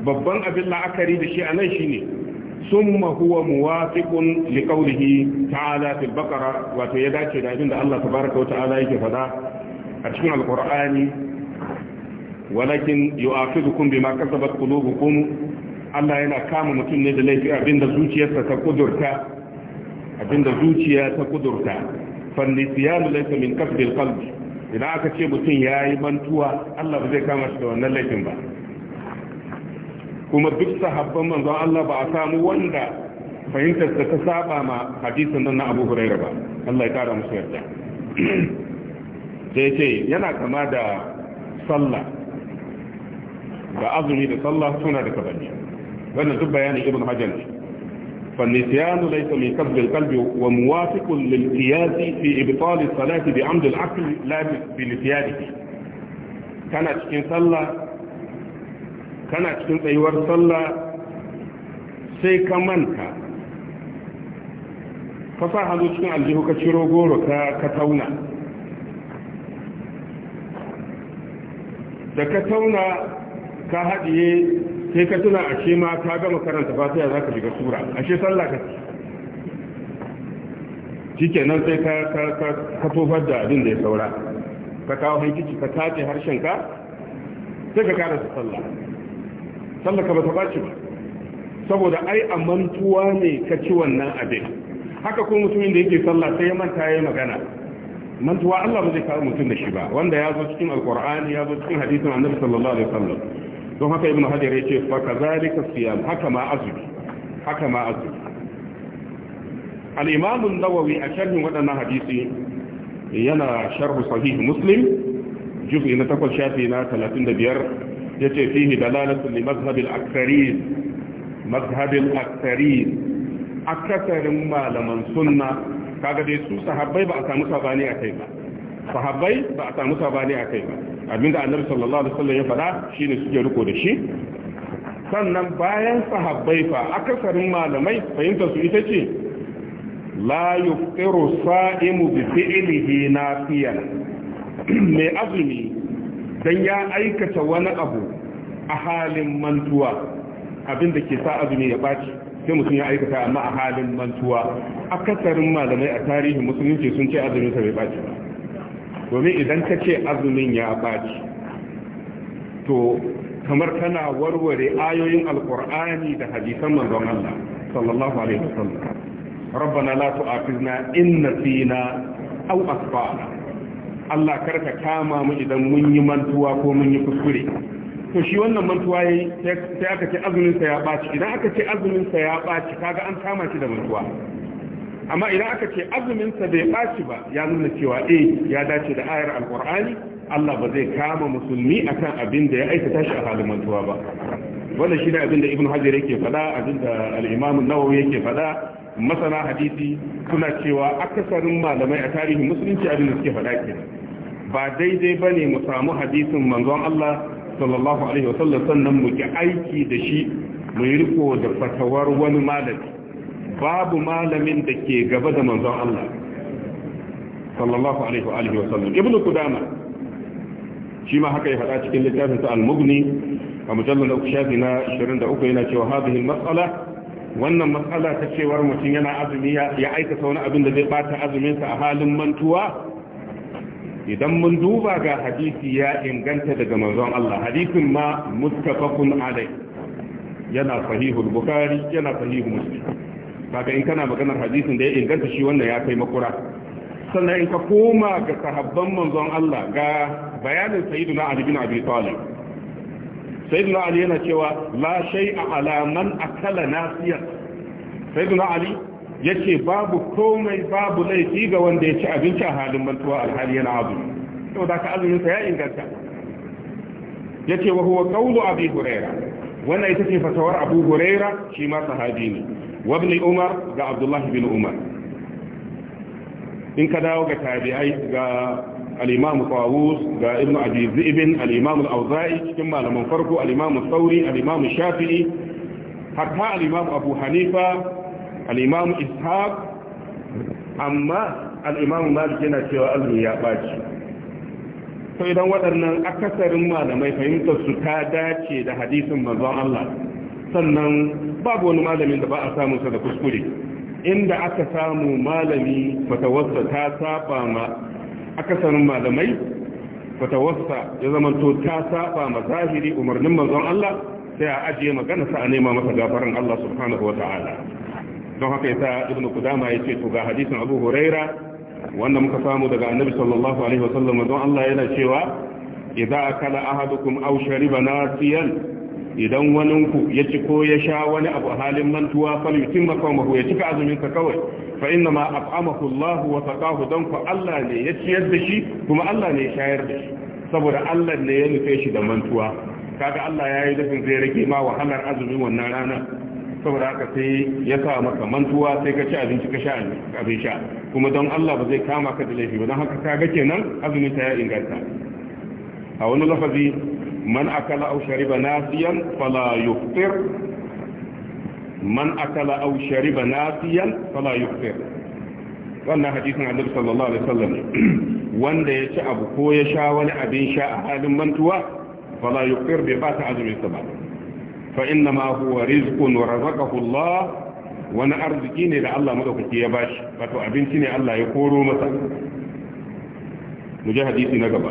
babban abin la'akari da shi a nan shine ثم هو موافق لقوله تعالى في البقرة وتيدات شدائدين الله تبارك وتعالى يجفدا أتشكون القرآن ولكن يؤاخذكم بما كسبت قلوبكم Allah yana kama mutum ne da laifi abinda zuciyarsa ta kudurta abinda zuciya ta kudurta fannisiyanu laysa min kasbil qalbi idan aka ce mutum yayi mantuwa Allah ba zai kama shi da wannan laifin ba kuma duk sahabban manzon Allah ba a samu wanda fahimtar ta ta saba ma hadisin nan na Abu Hurairah ba Allah ya kara musu yarda sai ce yana kama da sallah da azumi da sallah suna da kabani wannan duk bayanin Ibn Hajar ne فالنسيان ليس من كسب القلب وموافق للقياس في إبطال الصلاة بعمد العقل لا بنسيانه كانت cikin sallah kana cikin tsayuwar sallah sai ka manta ka sa hannu cikin aljihu ka ciro goro ka tauna da ka tauna ka haɗiye sai ka tuna ashe ma ka gama karanta fatiha za ka shiga sura ashe sallah ka ci nan sai ka tofar da abin da ya saura ka kawo hankici ka tace harshenka sai ka karanta sallah sallaka ba ta baci ba saboda ai a mantuwa ne ka ci wannan abin haka ko mutumin da yake sallah sai ya manta ya magana mantuwa Allah ba zai kawo mutum da shi ba wanda ya zo cikin alkur'ani ya zo cikin hadisin annabi sallallahu alaihi wasallam don haka ibnu hajar ya ce fa kazalika siyam haka ma azumi haka ma azumi al-imam an-nawawi a sharhin wadannan hadisi yana sharh sahih muslim juz'i na 8 shafi na 35 yace fihi dalalatu li mazhab al-aktharin mazhab al akasarin malaman sunna kaga dai su sahabbai ba a samu sabani a kai ba sahabbai ba a samu sabani a kai ba abinda annabi sallallahu alaihi wasallam ya faɗa shine suke riko da shi sannan bayan sahabbai fa akasarin malamai fahimtar su ita ce la yuftiru sa'imu bi fi'lihi nafiyan mai azumi dan ya aikata wani abu a halin mantuwa abin da ke sa azumi ya baci sai mutum ya aikata amma a halin mantuwa akasarin malamai a tarihin musulunci sun ce azumin sa bai baci ba domin idan ka ce azumin ya baci to kamar kana warware ayoyin alkur'ani da hadisan manzon Allah sallallahu alaihi wasallam ربنا لا تؤاخذنا إن نسينا أو أخطأنا Allah karka kama mu idan mun yi mantuwa ko mun yi kuskure to shi wannan mantuwa yayi sai aka ce azumin sa ya baci idan aka ce azumin sa ya baci kaga an kama shi da mantuwa amma idan aka ce azumin sa bai baci ba ya nuna cewa eh ya dace da ayar alqur'ani Allah ba zai kama musulmi akan abin da ya aikata shi a halin mantuwa ba wannan shi ne abin da ibn hajar yake faɗa abin da al an nawawi yake faɗa masana hadisi suna cewa akasarin malamai a tarihin musulunci abin da suke faɗa ke ba daidai ba ne mu samu hadisin manzon Allah sallallahu alaihi wasallam sannan mu ki aiki da shi mu yi riko da fatawar wani malami babu malamin da ke gaba da manzon Allah sallallahu alaihi wasallam Ibn kudama shi ma haka ya faɗa cikin littafin sa al mugni a mujallar da uku shafi na 23 yana cewa hadhihi matsala, wannan matsala ta cewar mutum yana azumi ya aikata wani abin da zai bata azuminsa a halin mantuwa idan mun duba ga hadisi ya inganta daga manzon Allah hadisin ma mustafakun alai yana sahihu. bukhari yana sahihul muslim kaga in kana maganar hadisin da ya inganta shi wannan ya kai makura sannan in ka koma ga sahabban manzon Allah ga bayanin sayyiduna Ali bin Abi Talib sayyiduna Ali yana cewa la shay'a ala man akala nasiyan sayyiduna Ali yace babu komai babu laifi ga wanda ya ci abinci a halin mantuwa alhali yana azumi saboda ka azumin sa ya inganta yace wa huwa qawlu abi huraira wannan ita ce fatawar abu huraira shi ma sahabi ne wa ibn umar ga abdullah bin umar in ka dawo ga tabi'ai ga al-imam qawus ga ibn abi zibin al-imam al-auza'i cikin malaman farko al-imam sauri al-imam shafi'i hatta al-imam abu hanifa al'imamu ishaq amma al'imamu malik yana cewa azumi ya ɓaci to idan waɗannan akasarin malamai fahimtar su ta dace da hadisin mazan Allah sannan babu wani malamin da ba a samun sa da kuskure inda aka samu malami fatawassa ta saba ma akasarin malamai fatawassa ya zamanto ta saba ma zahiri umarnin manzon Allah sai a ajiye magana sa a nema masa gafaran Allah subhanahu wa ta'ala don haka yasa ibnu qudama yace to ga hadisin abu huraira wanda muka samu daga annabi sallallahu alaihi wasallam don Allah yana cewa idza akala ahadukum aw shariba nasiyan idan waninku ya ci ko ya sha wani abu halin mantuwa fal yutimma qawmahu ya cika azumin sa kawai fa inna ma at'amahu Allah wa saqahu dan ku Allah ne ya ciyar da shi kuma Allah ne ya shayar da shi saboda Allah ne ya nufe shi da mantuwa kaga Allah ya yi dafin zai rage ma wahalar azumin wannan rana saboda haka sai ya sa maka mantuwa sai ka ci abinci ka sha abin sha kuma don Allah ba zai kama ka da laifi ba don haka ka ga kenan azumin ta ya inganta a wani lafazi man akala aw shariba nasiyan fala yuftir man akala aw shariba nasiyan fala yuftir wannan hadisin annabi sallallahu alaihi wasallam wanda ya ci abu ko ya sha wani abin sha a halin mantuwa fala yuftir bai ba ta azumin sa ba fa ma huwa wani arziki ne da Allah madaukaki ya bashi wato abinci ne Allah ya koro masa muje hadisi na gaba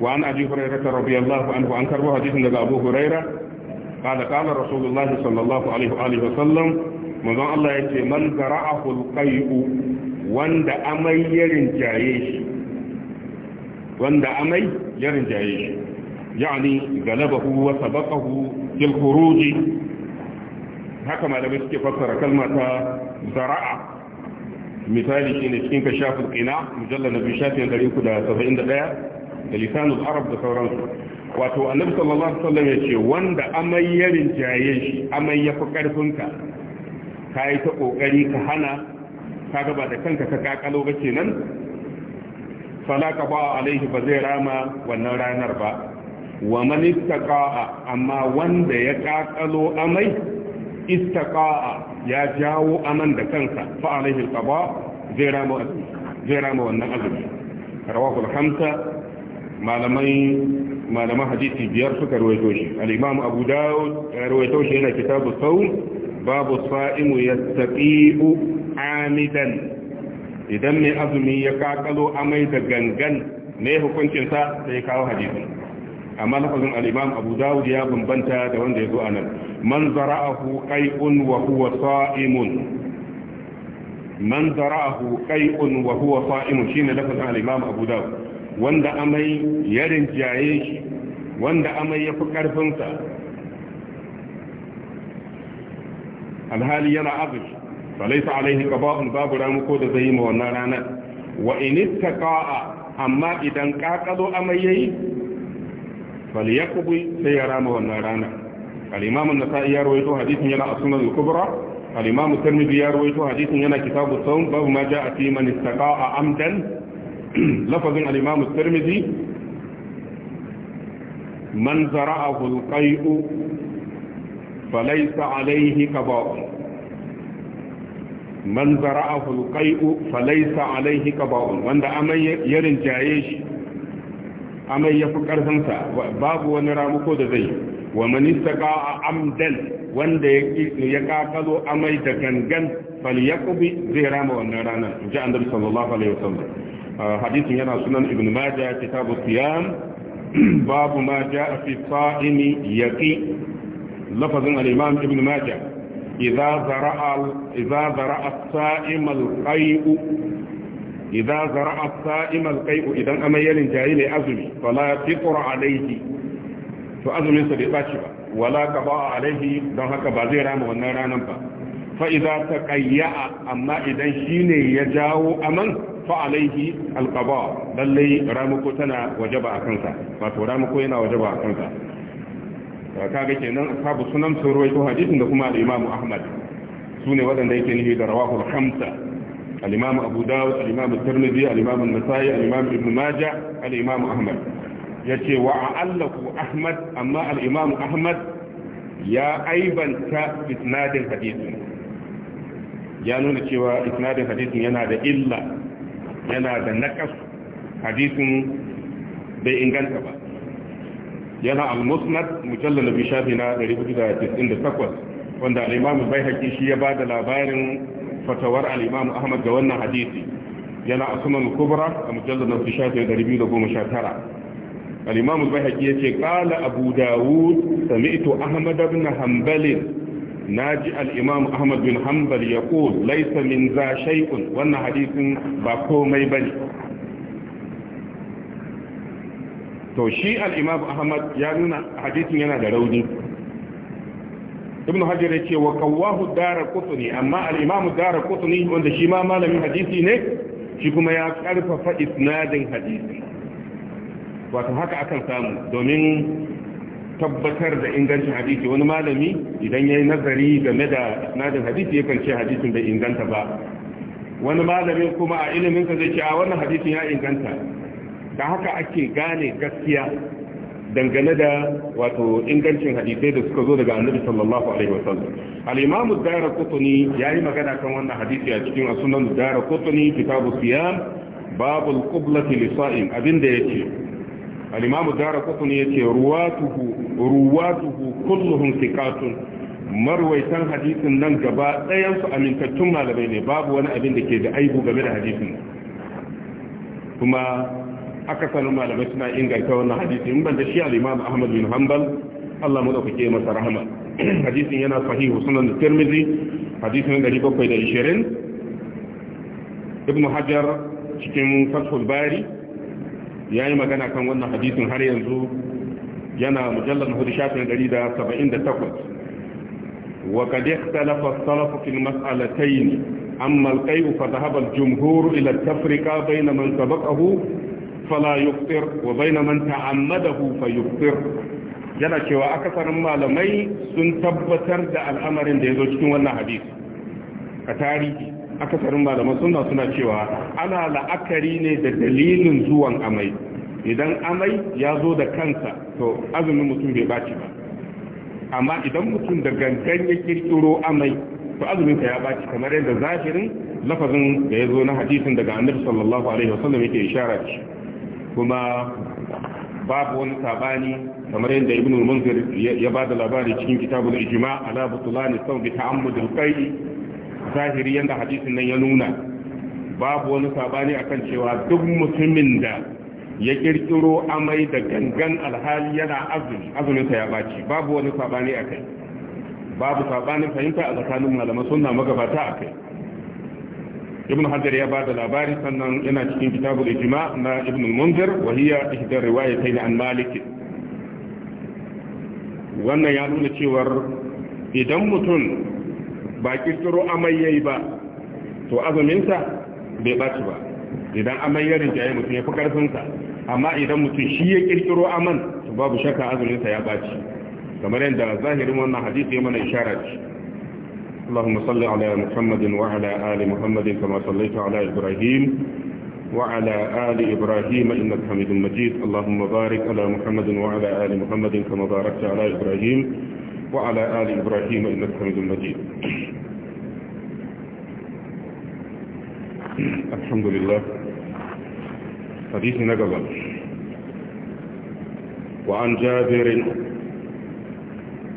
wa an abi hurairah radiyallahu anhu an karbo hadisin daga abu hurairah قال قال رسول الله صلى الله عليه وآله وسلم manzon Allah ya ce man zara'ahu alqai'u wanda amai ya rinjaye shi wanda amai ya shi yani galabahu wa lil khuruji haka malamai suke fassara kalma ta zara'a misali shine cikin ka shafin qina na nabi shafin 371 da lisanul arab da sauransu wato annabi sallallahu alaihi wasallam yace wanda amai ya rinjaye shi amai ya fi karfin ka yi ta kokari ka hana ka gaba da kanka ka kakalo ba kenan fala ka ba alaihi ba zai rama wannan ranar ba wa man istaqa'a amma wanda ya kakalo amai istaqa'a ya jawo aman da kansa fa alaihi alqada zai rama zai rama wannan azumi rawahu al malamai malaman hadisi biyar suka rawaito shi al-imam abu dawud ya rawaito shi yana kitabu sawm babu sa'imu yastaqi'u amidan idan mai azumi ya kakalo amai da gangan ne hukuncinsa sai kawo hadisi amma lafazin al-imam abu dawud ya bambanta da wanda ya zo anan man zara'ahu qai'un wa huwa sa'imun man zara'ahu qai'un wa huwa sa'imun shine lafazin al-imam abu dawud wanda amai ya rinjaye shi wanda amai ya fi karfin sa alhali yana fa laysa alayhi qaba'un babu ramuko da zai yi ma wannan ranar wa in ittaqa'a amma idan kakalo amai yayi فليقضي سيارام والناران الإمام النسائي يروي حديث ينا السنة الكبرى الإمام الترمذي يروي حديث ينا كتاب الصوم باب ما جاء في من استقاء عمدا لفظ الإمام الترمذي من زرعه القيء فليس عليه قضاء من زرعه القيء فليس عليه قضاء من دعم يرن جايش amai ya fi ƙarfinsa babu wani ramuko da zai wa manista a amdan wanda ya kakalo amai da gangan falyakubi zai rama wannan ranar in ji annabi sallallahu alaihi wasallam hadisin yana sunan ibn majah kitabu siyam babu ma jaa fi sa'imi yaqi lafazin al-imam ibn majah idza zara'a idza zara'a as-sa'im al-qay'u idza zara'a sa'im al-qai'u idan amayyarin jayi ne azumi fala fiqra alayhi to azumin sa bai baci ba wala qada alayhi don haka ba zai rama wannan ranan ba fa idza taqayya amma idan shi ne ya jawo aman فعليه القضاء للي رامكو تنا وجب أكنسا فاتو رامكو ينا وجب أكنسا kaga kenan ashabu sunan sun rawaito hadisin da kuma al-Imam Ahmad sune waɗanda yake nihi da rawa al al-imam abu dawud al-imam tirmidhi al-imam an-nasa'i al-imam ibn majah al-imam ahmad yace ahmad amma al ahmad ya aibanta isnadin hadisin ya nuna cewa isnadin hadisin yana da illa yana da naqas hadisin bai inganta ba yana al shafi na wanda al bai shi ya da labarin fatawar Alimamu ahmad ga wannan hadisi yana a sunan kubra a mujallar nasu shafin 219 Alimamu imam al ya ce, ƙala abu dawud sami ito ahmad ibn hanbal Na ji Alimamu ahmad bin ya yaqul laisa min za shaikun. wannan hadisin ba komai ba ne. to shi Alimamu ahmad ya nuna hadisin yana da rauni ibn hajar ya ce wa kawahu dara kutuni amma al-imam dara kutuni wanda shi ma malamin hadisi ne shi kuma ya karfafa isnadin hadisi wato haka akan samu domin tabbatar da ingancin hadisi wani malami idan ya yi nazari game da isnadin hadisi yakan ce hadisin bai inganta ba wani malami kuma a ka zai ce a wannan hadisin ya inganta da haka ake gane gaskiya dangane da wato ingancin hadisai da suka zo daga annabi sallallahu alaihi wasallam al-imam ad-darqutni yayi magana kan wannan hadisi a cikin sunan ad-darqutni kitabu siyam babu al-qiblati li-sa'im abinda yake al-imam ad-darqutni yake ruwatuhu ruwatuhu kulluhum thiqatun marwaitan hadisin nan gaba ɗayan su amintattun malamai ne babu wani abin da ke da aibu game da hadisin kuma akasarin malamai suna inganta wannan hadisi in ban da shi al-imam Ahmad bin Hanbal Allah mu dauke masa rahama hadisin yana sahihu sunan Tirmidhi hadisin ishirin. Ibn Hajar cikin Fathul Bari yi magana kan wannan hadisin har yanzu yana mujallal hudu shafin da da ɗari saba'in takwas. wa kad ikhtalafa as-salaf fi al-mas'alatayn amma al-qayb fa dhahaba al-jumhur ila at-tafriqa bayna man sabaqahu fala yuftir wa baina man ta'ammadahu fa yuftir yana cewa akasarin malamai sun tabbatar da al'amarin da ya zo cikin wannan hadisi a tarihi akasarin malamai suna suna cewa ana la'akari ne da dalilin zuwan amai idan amai ya zo da kansa to azumin mutum bai baci ba amma idan mutum da gangan ya kirkiro amai to azuminka ya baci kamar yadda zahirin lafazin da ya zo na hadisin daga annabi sallallahu alaihi wasallam yake ishara shi kuma babu wani sabani kamar yadda ibn al-munzir ya bada labari cikin kitabul ijma ala butlan saw bi ta'ammud al-qaidi zahiri yanda hadisin nan ya nuna babu wani sabani akan cewa duk mutumin da ya kirkiro amai da gangan alhali yana azumi azumin sa ya baci babu wani sabani akai babu sabani fahimta a tsakanin malaman sunna magabata akai ibn hajar ya ba da labari sannan yana cikin kitabu da ijma na ibn munzir wa hiya ihdar riwayatayn an malik wannan ya nuna cewar idan mutum ba kirkiro amai yayi ba to azuminsa bai baci ba idan amai ya rinjaye mutum ya fi karfinsa amma idan mutum shi ya kirkiro aman to babu shakka azuminsa ya baci kamar yadda zahirin wannan hadisi ya mana ishara ce اللهم صل على محمد وعلى آل محمد كما صليت على إبراهيم وعلى آل إبراهيم إنك حميد مجيد اللهم بارك على محمد وعلى آل محمد كما باركت على إبراهيم وعلى آل إبراهيم إنك حميد مجيد الحمد لله حديث نقبل وعن جابر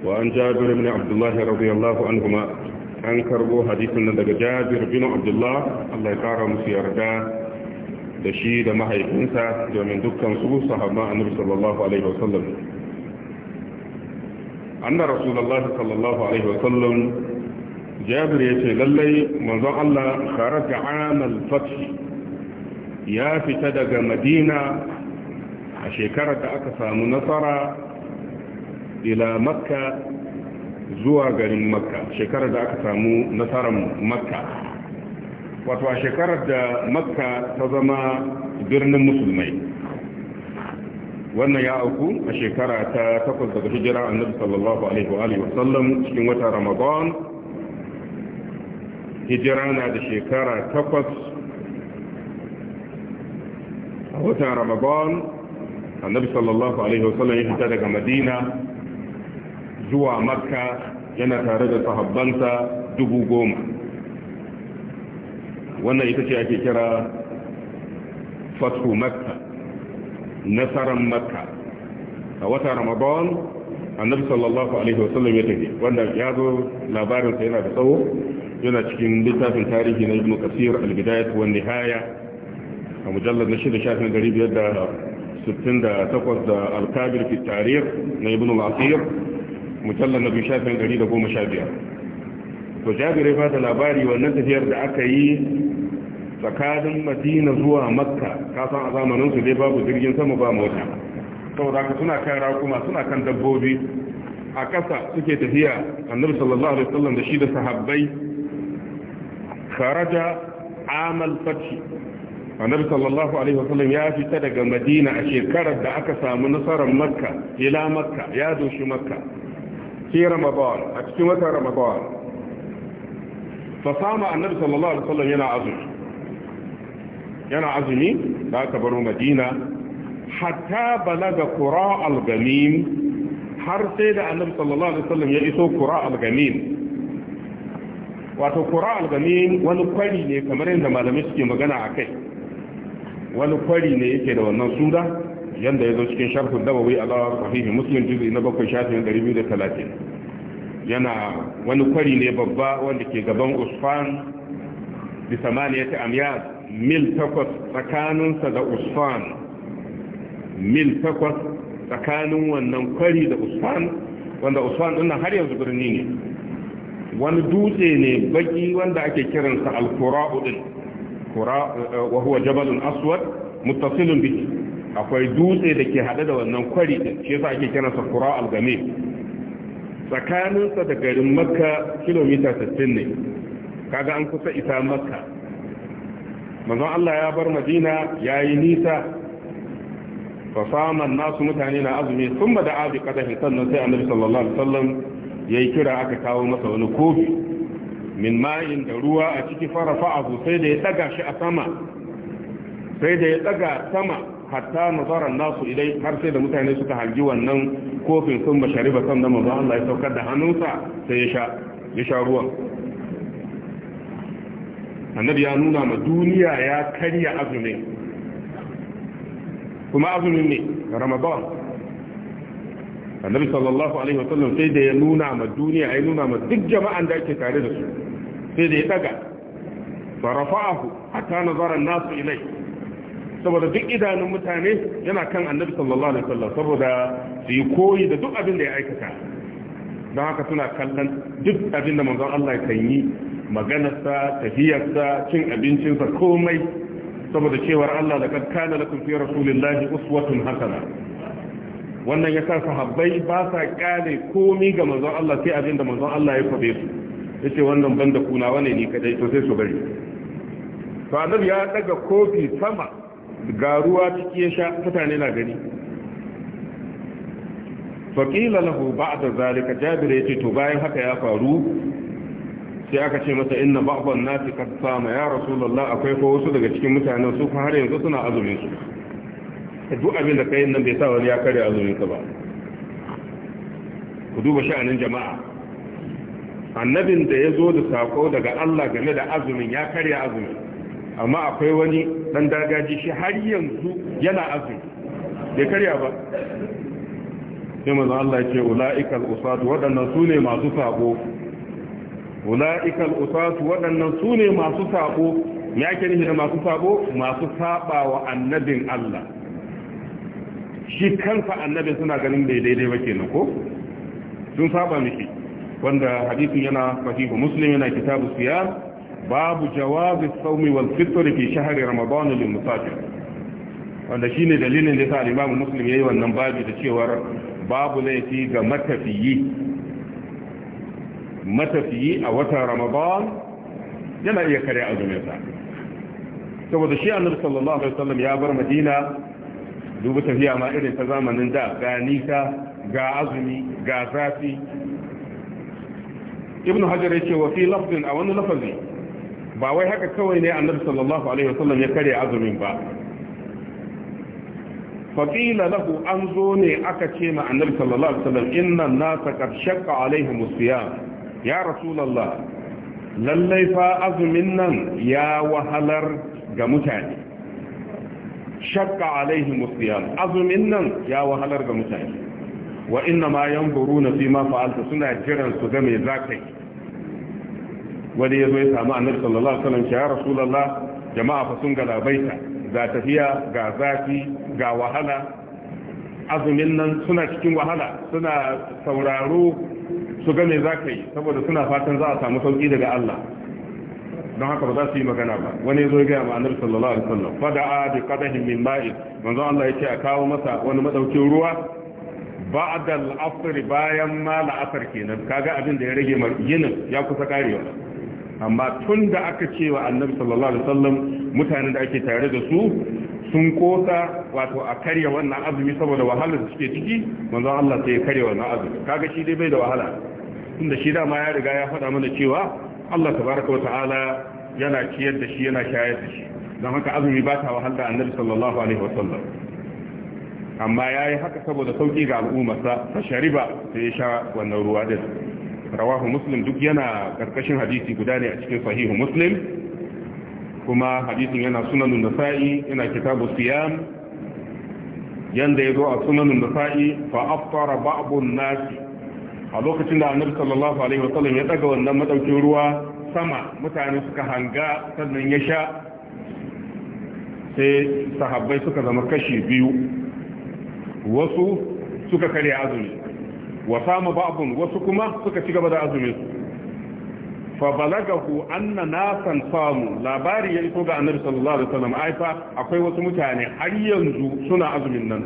وعن جابر بن عبد الله رضي الله عنهما an karbo hadisin nan daga jabir bin abdullah Allah ya kara musu yarda da shi da mahaifinsa domin dukkan su sahabban annabi sallallahu alaihi wasallam anna rasulullahi sallallahu alaihi wasallam jabir yace lallai manzon Allah kharaja amal fath ya fita daga madina a shekarar da aka samu nasara ila makka zuwa garin makka shekarar da aka samu nasarar makka wato a shekarar da makka ta zama birnin musulmai wannan ya auku a shekara ta takwas daga hijira annabi sallallahu alaihi wa sallam cikin wata ramadan hijira na da shekara takwas a watan ramadan annabi sallallahu alaihi wa sallam ya fita daga madina zuwa makka yana tare da sahabbansa dubu goma wannan ita ce ake kira fatu makka nasarar makka a wata ramadan annabi sallallahu alaihi wasallam ya tafi wanda ya zo labarinsa yana da tsawo yana cikin littafin tarihi na ibn kasir al-bidayat wa nihaya a mujallar na shida shafin dari biyar da sittin da takwas da alkabir fi tarih na ibn al-asir mujallar na biyu shafin gari da goma sha biyar to jabirai ba da labari wannan tafiyar da aka yi tsakanin madina zuwa makka kasan a zamanin su dai babu jirgin sama ba mota saboda ka suna kan rakuma suna kan dabbobi a ƙasa suke tafiya annabi sallallahu alaihi wasallam da shi da sahabbai kharaja amal fathi annabi sallallahu alaihi wasallam ya fita daga madina a shekarar da aka samu nasarar makka ila makka ya doshi makka fi ramadan a cikin watan ramadan fa sama annabi sallallahu alaihi wasallam yana azumi yana azumi da aka baro madina hatta balaga qura har sai da annabi sallallahu alaihi wasallam ya iso qura al wato qura al wani kwari ne kamar yadda malamai suke magana akai wani kwari ne yake da wannan sura yanda ya zo cikin sharhun a ala sahihi muslim juz'i na bakwai shafi da talatin yana wani kwari ne babba wanda ke gaban usfan bi samaniyati amyad mil takwas tsakaninsa da usfan mil takwas tsakanin wannan kwari da usfan wanda usfan din har yanzu birni ne wani dutse ne baki wanda ake kiransa al-qura'u din qura eh, wa huwa jabalun aswad muttasilun bihi akwai dutse da ke haɗe da wannan kwari da ke sa ake kiransa kura algame tsakaninsa da garin makka kilomita 60 ne kaga an kusa isa makka manzon Allah ya bar madina ya yi nisa fa saman nasu mutane na azumi sun da abi kadahin sannan sai annabi sallallahu alaihi wasallam ya yi kira aka kawo masa wani kofi min ma'in da ruwa a ciki farafa abu sai da ya daga shi a sama sai da ya daga sama hatta nazaran nasu idai har sai da mutane suka halgi wannan kofin sun ba shariba sannan manzo Allah ya saukar da hannunsa sai ya sha ya sha ruwan annabi ya nuna ma duniya ya karya azumin kuma azumin ne ramadan annabi sallallahu alaihi wasallam sai da ya nuna ma duniya ya nuna ma duk jama'an da ake tare da su sai da ya daga farafa'ahu hatta nazara nasu ilai saboda duk idanun mutane yana kan annabi sallallahu alaihi wasallam saboda su yi koyi da duk abin da ya aikata don haka suna kallon duk abin da manzon Allah ya yi maganarsa tafiyarsa cin abincinsa komai saboda cewar Allah da kad kana lakum fi rasulillahi uswatun hasana wannan yasa sahabbai ba sa kyale komai ga manzon Allah sai abin da manzon Allah ya faɗe su yace wannan banda kuna wane ne kadai to sai su bari to annabi ya daga kofi sama ga ruwa ciki ya sha mutane na gani faƙila lahu ba'da zalika jabir yace to bayan haka ya faru sai aka ce masa inna ba'dhan nasi qad sama ya rasulullah akwai ko wasu daga cikin mutane su har yanzu suna azumin su duk abin da kai nan bai sa wani ya kare azumin ka ba ku duba sha'anin jama'a annabin da ya zo da sako daga Allah game da azumin ya karya azumin amma akwai wani dan dagaji shi har yanzu yana azumi bai karya ba sai mazan Allah ce ula'ikal usatu waɗannan su ne masu sako ula'ikal usatu waɗannan su ne masu sako ya ke nishi da masu sako masu saba wa annabin Allah shi kansa annabin suna ganin bai daidai ba kenan ko sun saba miki wanda hadisin yana fahimu Musulmi yana kitabu siyar babu jawazi saumi wal fitr fi shahri ramadan lil musafir wanda shine dalilin da sa Imam Muslim yayi wannan babu da cewar babu laifi ga matafiyi matafiyi a watan Ramadan yana iya kare azumin sa saboda shi Annabi sallallahu alaihi wasallam ya bar Madina dubu tafiya ma irin ta zamanin da ga nisa ga azumi ga zafi ibn hajar yace wa fi lafzin a wani lafazi ba wai haka kawai ne annabi sallallahu alaihi wasallam ya kare azumin ba faqila lahu an zo ne aka ce ma annabi sallallahu alaihi wasallam inna an-nasa qad shaqqa alaihim siyam ya rasulullah lallai fa azumin nan ya wahalar ga mutane shaqqa alaihim as-siyam azumin nan ya wahalar ga mutane wa inna ma yanzuruna fi ma fa'alta suna jiran su ga me zakai wani ya zo ya samu annabi sallallahu alaihi wasallam ya rasulullah jama'a fa sun galabaita ga tafiya ga zafi ga wahala azumin nan suna cikin wahala suna sauraro su ga me za ka yi saboda suna fatan za a samu sauki daga Allah don haka ba za su yi magana ba wani zo ga ma annabi sallallahu alaihi wasallam fada'a bi qadahin min ma'in manzo Allah a kawo masa wani madaukin ruwa ba'da al-asr bayan ma al kenan kaga abin da ya rage yinin ya kusa karewa amma tun da aka cewa annabi sallallahu alaihi wasallam mutanen da ake tare da su sun kosa wato a karya wannan azumi saboda wahalar da suke ciki manzon Allah sai ya karya wannan azumi kaga shi dai bai da wahala tunda shi ma ya riga ya faɗa mana cewa Allah tabaraka wataala yana ciyar da shi yana shayar da shi don haka azumi ba ta wahala annabi sallallahu alaihi wasallam amma yayi haka saboda sauki ga al'umma fa shariba sai ya sha wannan ruwa din rawahu muslim duk yana karkashin hadisi guda ne a cikin sahihu muslim kuma hadisin yana sunanun nasa'i yana kitabu siyam yanda ya zo a sunanun nasa'i fa nasi a lokacin da annabi sallallahu alaihi wasallam ya daga wannan madaukin ruwa sama mutane suka hanga sannan ya sha sai sahabbai suka zama kashi biyu wasu suka karya azumi wa wasu kuma suka ci gaba da azumin su fa balagahu anna nasan samu labari ya iso ga annabi sallallahu alaihi wasallam ai fa akwai wasu mutane har yanzu suna azumin nan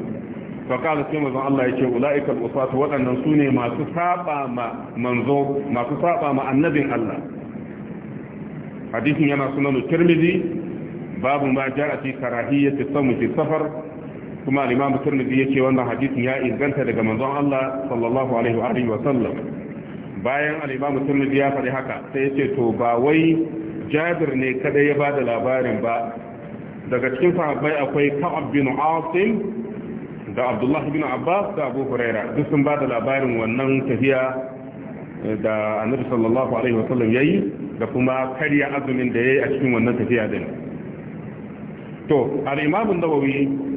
fa kana sai manzon Allah yake ulaika al-usatu wadannan sune masu saba ma manzo masu saba ma annabin Allah hadisin yana sunan Tirmidhi babu ma ja'a karahiyati samu fi safar kuma al-imam Tirmidhi yace wannan hadisin ya inganta daga manzon Allah sallallahu alaihi wa alihi wa sallam bayan al-imam Tirmidhi ya faɗi haka sai yace to ba wai Jabir ne kada ya bada labarin ba daga cikin sahabbai akwai Ka'ab bin Asim da Abdullah bin Abbas da Abu Huraira duk sun bada labarin wannan tafiya eh, da Annabi sallallahu alaihi wa sallam yayi da kuma karya azumin da yayi a cikin wannan tafiya din to al-imam an-Nawawi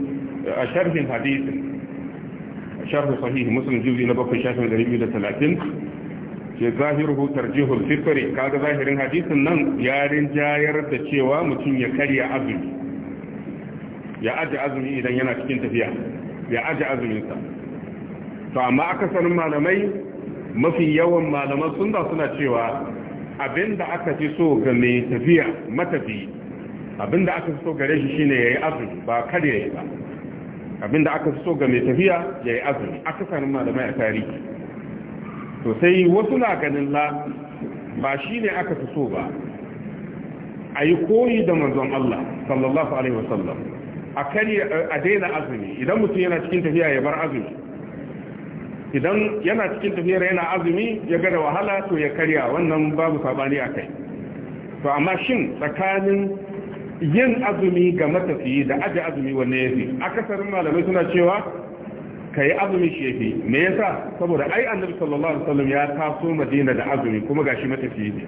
a sharhin hadisin a sharhin sahihi muslim juzi na bakwai shafin ɗari biyu da talatin ke zahiru tarjihul fitri kaga zahirin hadisin nan yarin jayar da cewa mutum ya karya azumi ya aje azumi idan yana cikin tafiya ya aje azuminsa to amma akasarin malamai mafi yawan malaman sun sunna suna cewa abinda aka fi so ga mai tafiya matafi abinda aka fi so gare shi shine yi azumi ba kare ba Abin da aka so ga mai tafiya ya yi azumi aka sanin malamai a tarihi to sai wasu na ganin la ba shi ne aka fi so ba a yi koyi da manzon Allah sallallahu alaihi wasallam a kari a daina azumi idan mutum yana cikin tafiya ya bar azumi idan yana cikin tafiyar yana azumi ya gada wahala to ya karya wannan babu sabani a kai to amma shin tsakanin yin azumi ga matafiyi da aje azumi wanne yafi akasarin malamai suna cewa kai azumi shi me yasa saboda ai annabi sallallahu alaihi wasallam ya taso madina da azumi kuma gashi matafiyi ne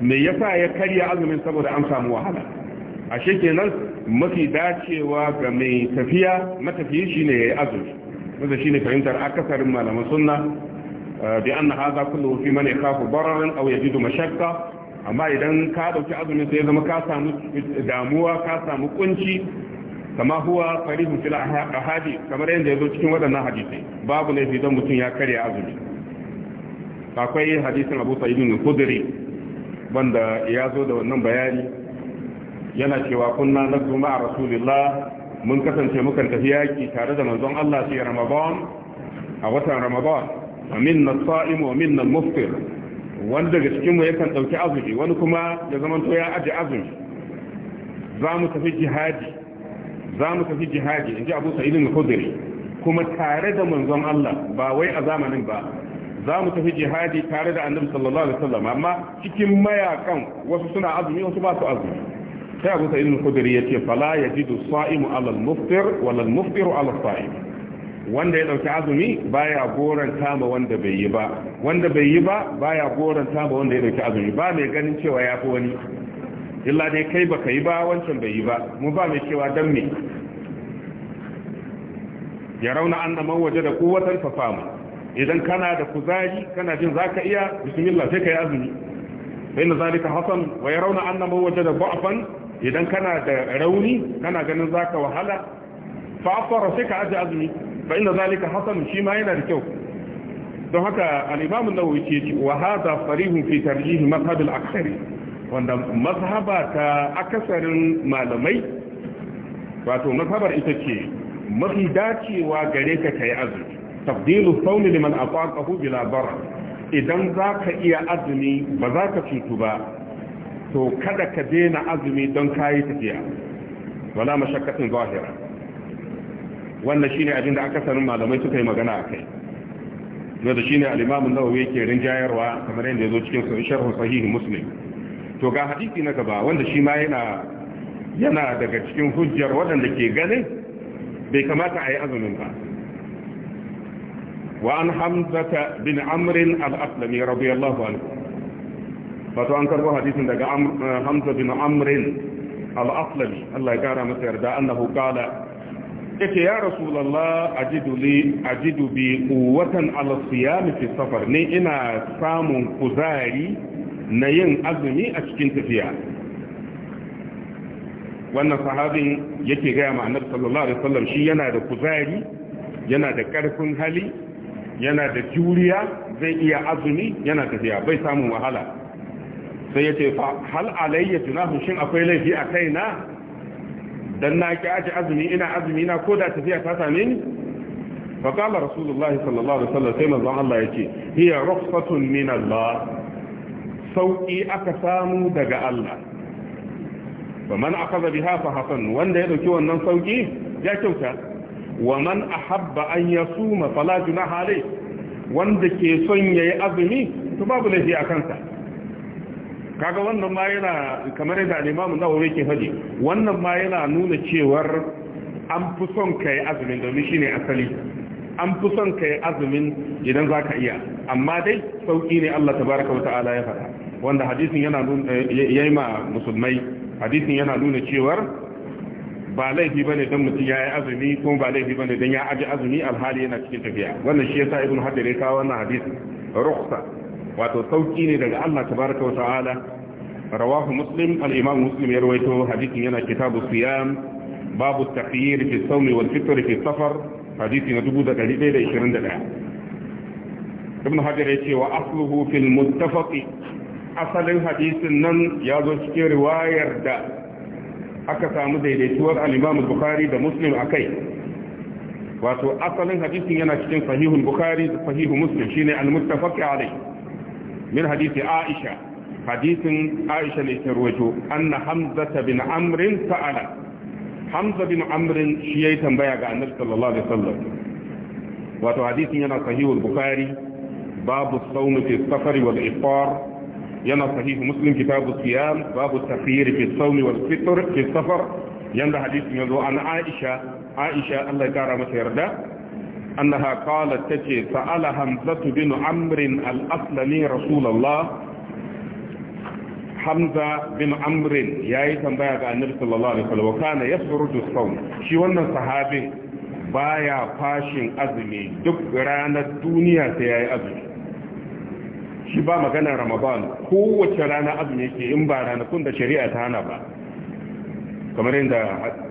me yasa ya karya azumin saboda an samu wahala ashe kenan mafi dacewa ga mai tafiya matafiyi shine yayi azumi wanda shine fahimtar akasarin malaman sunna eh, bi anna hadha kullu fi man yakhafu dararan aw yajidu mashaqqa amma idan ka ɗauki azumin sai zama ka samu damuwa ka samu kunci kama huwa farihun fil ahadi kamar yadda yazo cikin waɗannan hadisi babu ne idan mutum ya karya azumi akwai hadisin Abu Sa'id al-Khudri wanda ya zo da wannan bayani yana cewa kunna nazu ma'a rasulillah mun kasance muka tafi yaki tare da manzon Allah sai Ramadan a watan Ramadan amin nas wa minna muftir wani daga cikinmu yakan ɗauki azumi wani kuma ya zama to ya aje azumi za mu tafi jihadi za mu tafi jihadi in ji abu sa'idin kuma tare da manzon Allah ba wai a zamanin ba za mu tafi jihadi tare da annabi sallallahu alaihi wasallam amma cikin mayakan wasu suna azumi wasu ba su azumi sai abu sa'idin ya ce fala yajidu sa'imu alal muftir wal muftiru alal sa'im wanda ya dauki azumi baya goranta ma wanda bai yi ba wanda bai yi ba baya goranta ma wanda ya dauki azumi ba mai ganin cewa ya fi wani illa dai kai baka yi ba wancan bai yi ba mu ba mai cewa dan me ya rauna an man waje da kuwatar fafamu idan kana da kuzari kana jin zaka iya bismillah sai kai azumi bai na zalika hasan wa ya rauna an waje da ba'fan idan kana da rauni kana ganin zaka wahala fa afara sai ka ajiye azumi fa inna zalika hasan shi ma yana da kyau don haka al-imam an-nawawi ce wa hadha sarihun fi tarjih mazhab al-akthari wanda mazhaba ta akasarin malamai wato mazhabar ita ce mafi dacewa gareka ka kai azumi tabdilu sawmi liman ataqahu bila darar idan zaka iya azumi ba za ka cutu ba to kada ka daina azumi don kayi tafiya wala mashakkatin zahira wannan shine abin da aka sanin malamai suka yi magana a kai yau da shine al nawawi yake rinjayarwa kamar yadda ya zo cikin sharh sahih Musulmi to ga hadisi na gaba wanda shi ma yana yana daga cikin hujjar waɗanda ke ganin bai kamata a yi azumin ba wa an hamzata bin amrin al-aslami radiyallahu anhu wato an karbo hadisin daga hamza bin amrin al-aslami Allah ya kara masa yarda annahu qala ya ce ya rasulallah ajidu bi watan alasiyami fi safar ne ina samun kuzari na yin azumi a cikin tafiya wannan sahabin yake gaya ma'anar sallallahu alaihi sallam shi yana da kuzari yana da karfin hali yana da juriya zai iya azumi yana tafiya bai samun wahala sai yace fa hal alayya tunahu shin akwai laifi a kaina dan na ki aji azumi ina azumi na ko da tafiya ta same ni fa qala rasulullah sallallahu alaihi wasallam sai manzon Allah yace hiya rukhsatun min Allah sauki aka samu daga Allah fa man akhadha biha fa hasan wanda ya dauki wannan sauki ya kyauta wa man ahabba an yasuma fala junaha alayhi wanda ke son yayi azumi to babu laifi a kansa kaga wannan ma yana kamar yadda al na Nawawi ke faɗi wannan ma yana nuna cewar an fi son kai azumin domin shine asali an fi son kai azumin idan zaka iya amma dai sauki ne Allah tabaraka wa ta'ala ya faɗa wanda hadisin yana nuna yayi ma musulmai hadisin yana nuna cewar ba laifi bane dan mutum ya yi azumi ko ba laifi bane dan ya aji azumi alhali yana cikin tafiya wannan shi yasa ibn hadari ya kawo wannan hadisin rukhsa wato sauki ne daga Allah tabaraka wa ta'ala rawahu muslim al-imam muslim ya rawaito hadisin yana kitabu siyam babu takhyir fi sawmi wal fitr fi safar hadithi na 1121 ibn hajar yace wa asluhu fil muttafaq asalin hadithin nan ya zo cikin riwayar da aka samu daidaituwar al-imam bukhari da muslim akai wato asalin hadithin yana cikin sahihul bukhari da sahihul muslim shine al-muttafaq alayhi من حديث عائشة حديث عائشة لترويجو أن حمزة بن عمر سأل حمزة بن عمر شيئتا بيقى عن صلى الله عليه وسلم وتو حديث ينا صحيح البخاري باب الصوم في السفر والإفطار ينا صحيح مسلم كتاب الصيام باب التخيير في الصوم والفطر في السفر ينا حديث ينا عن عائشة عائشة الله تعالى مسير annaha qalat tace sa'ala hamzatu bin amr al-aslami rasulullah hamza bin amr yayi tambaya ga annabi sallallahu alaihi wasallam kana yasrudu sawm shi wannan sahabi baya fashin azumi duk ranar duniya sai yayi azumi shi ba magana ramadan kowace rana azumi yake in ba ranakun da shari'a ta hana ba kamar yadda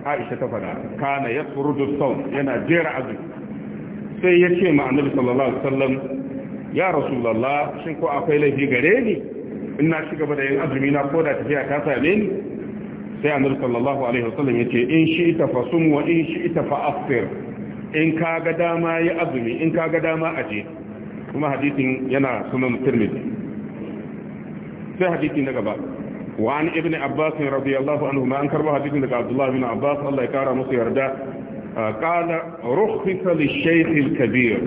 aisha ta faɗa kana ya furudu yana jera azumi sai ya ce ma'anar sallallahu alaihi sallam ya rasulullah shin ko akwai laifi gare ni ina shi gaba da yin azumi na ko da tafiya ta same ni sai annabi sallallahu alaihi ya ce in shi ita fa sum wa in shi ita fa aftir in ka ga dama yi azumi in ka ga dama aje kuma hadithin yana sunan tirmidhi sai hadisi na gaba wa an ibn abbas radiyallahu anhu ma an karba hadithin daga Abdullahi bin abbas Allah ya kara musu yarda قال رخص للشيخ الكبير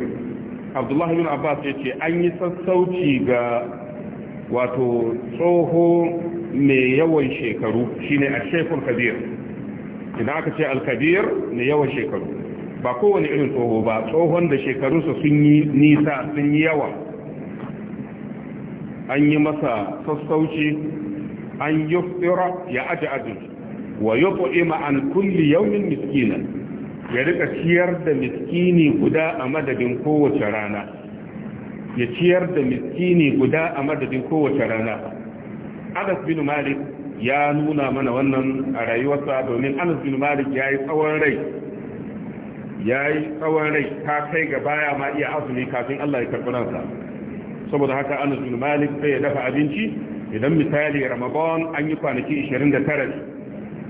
عبد الله بن عباس yace an yi sassauci ga wato tsoho mai yawan shekaru shine al-shaykh al-kabir idan aka ce al-kabir mai yawan shekaru ba kowane irin tsoho ba tsohon da shekarunsa sun yi nisa sun yi yawa an yi masa sassauci an yuftira ya aji aji wa yut'ima an kulli yawmin miskinan ya rika ciyar da miskini guda a madadin kowace rana ya ciyar da miskini guda a madadin kowace rana anas bin malik ya nuna mana wannan a rayuwarsa domin anas bin malik ya yi tsawon rai ya tsawon rai ta kai ga baya ma iya azumi kafin allah ya karɓi ransa saboda haka anas bin malik sai ya dafa abinci idan misali ramadan an yi kwanaki 29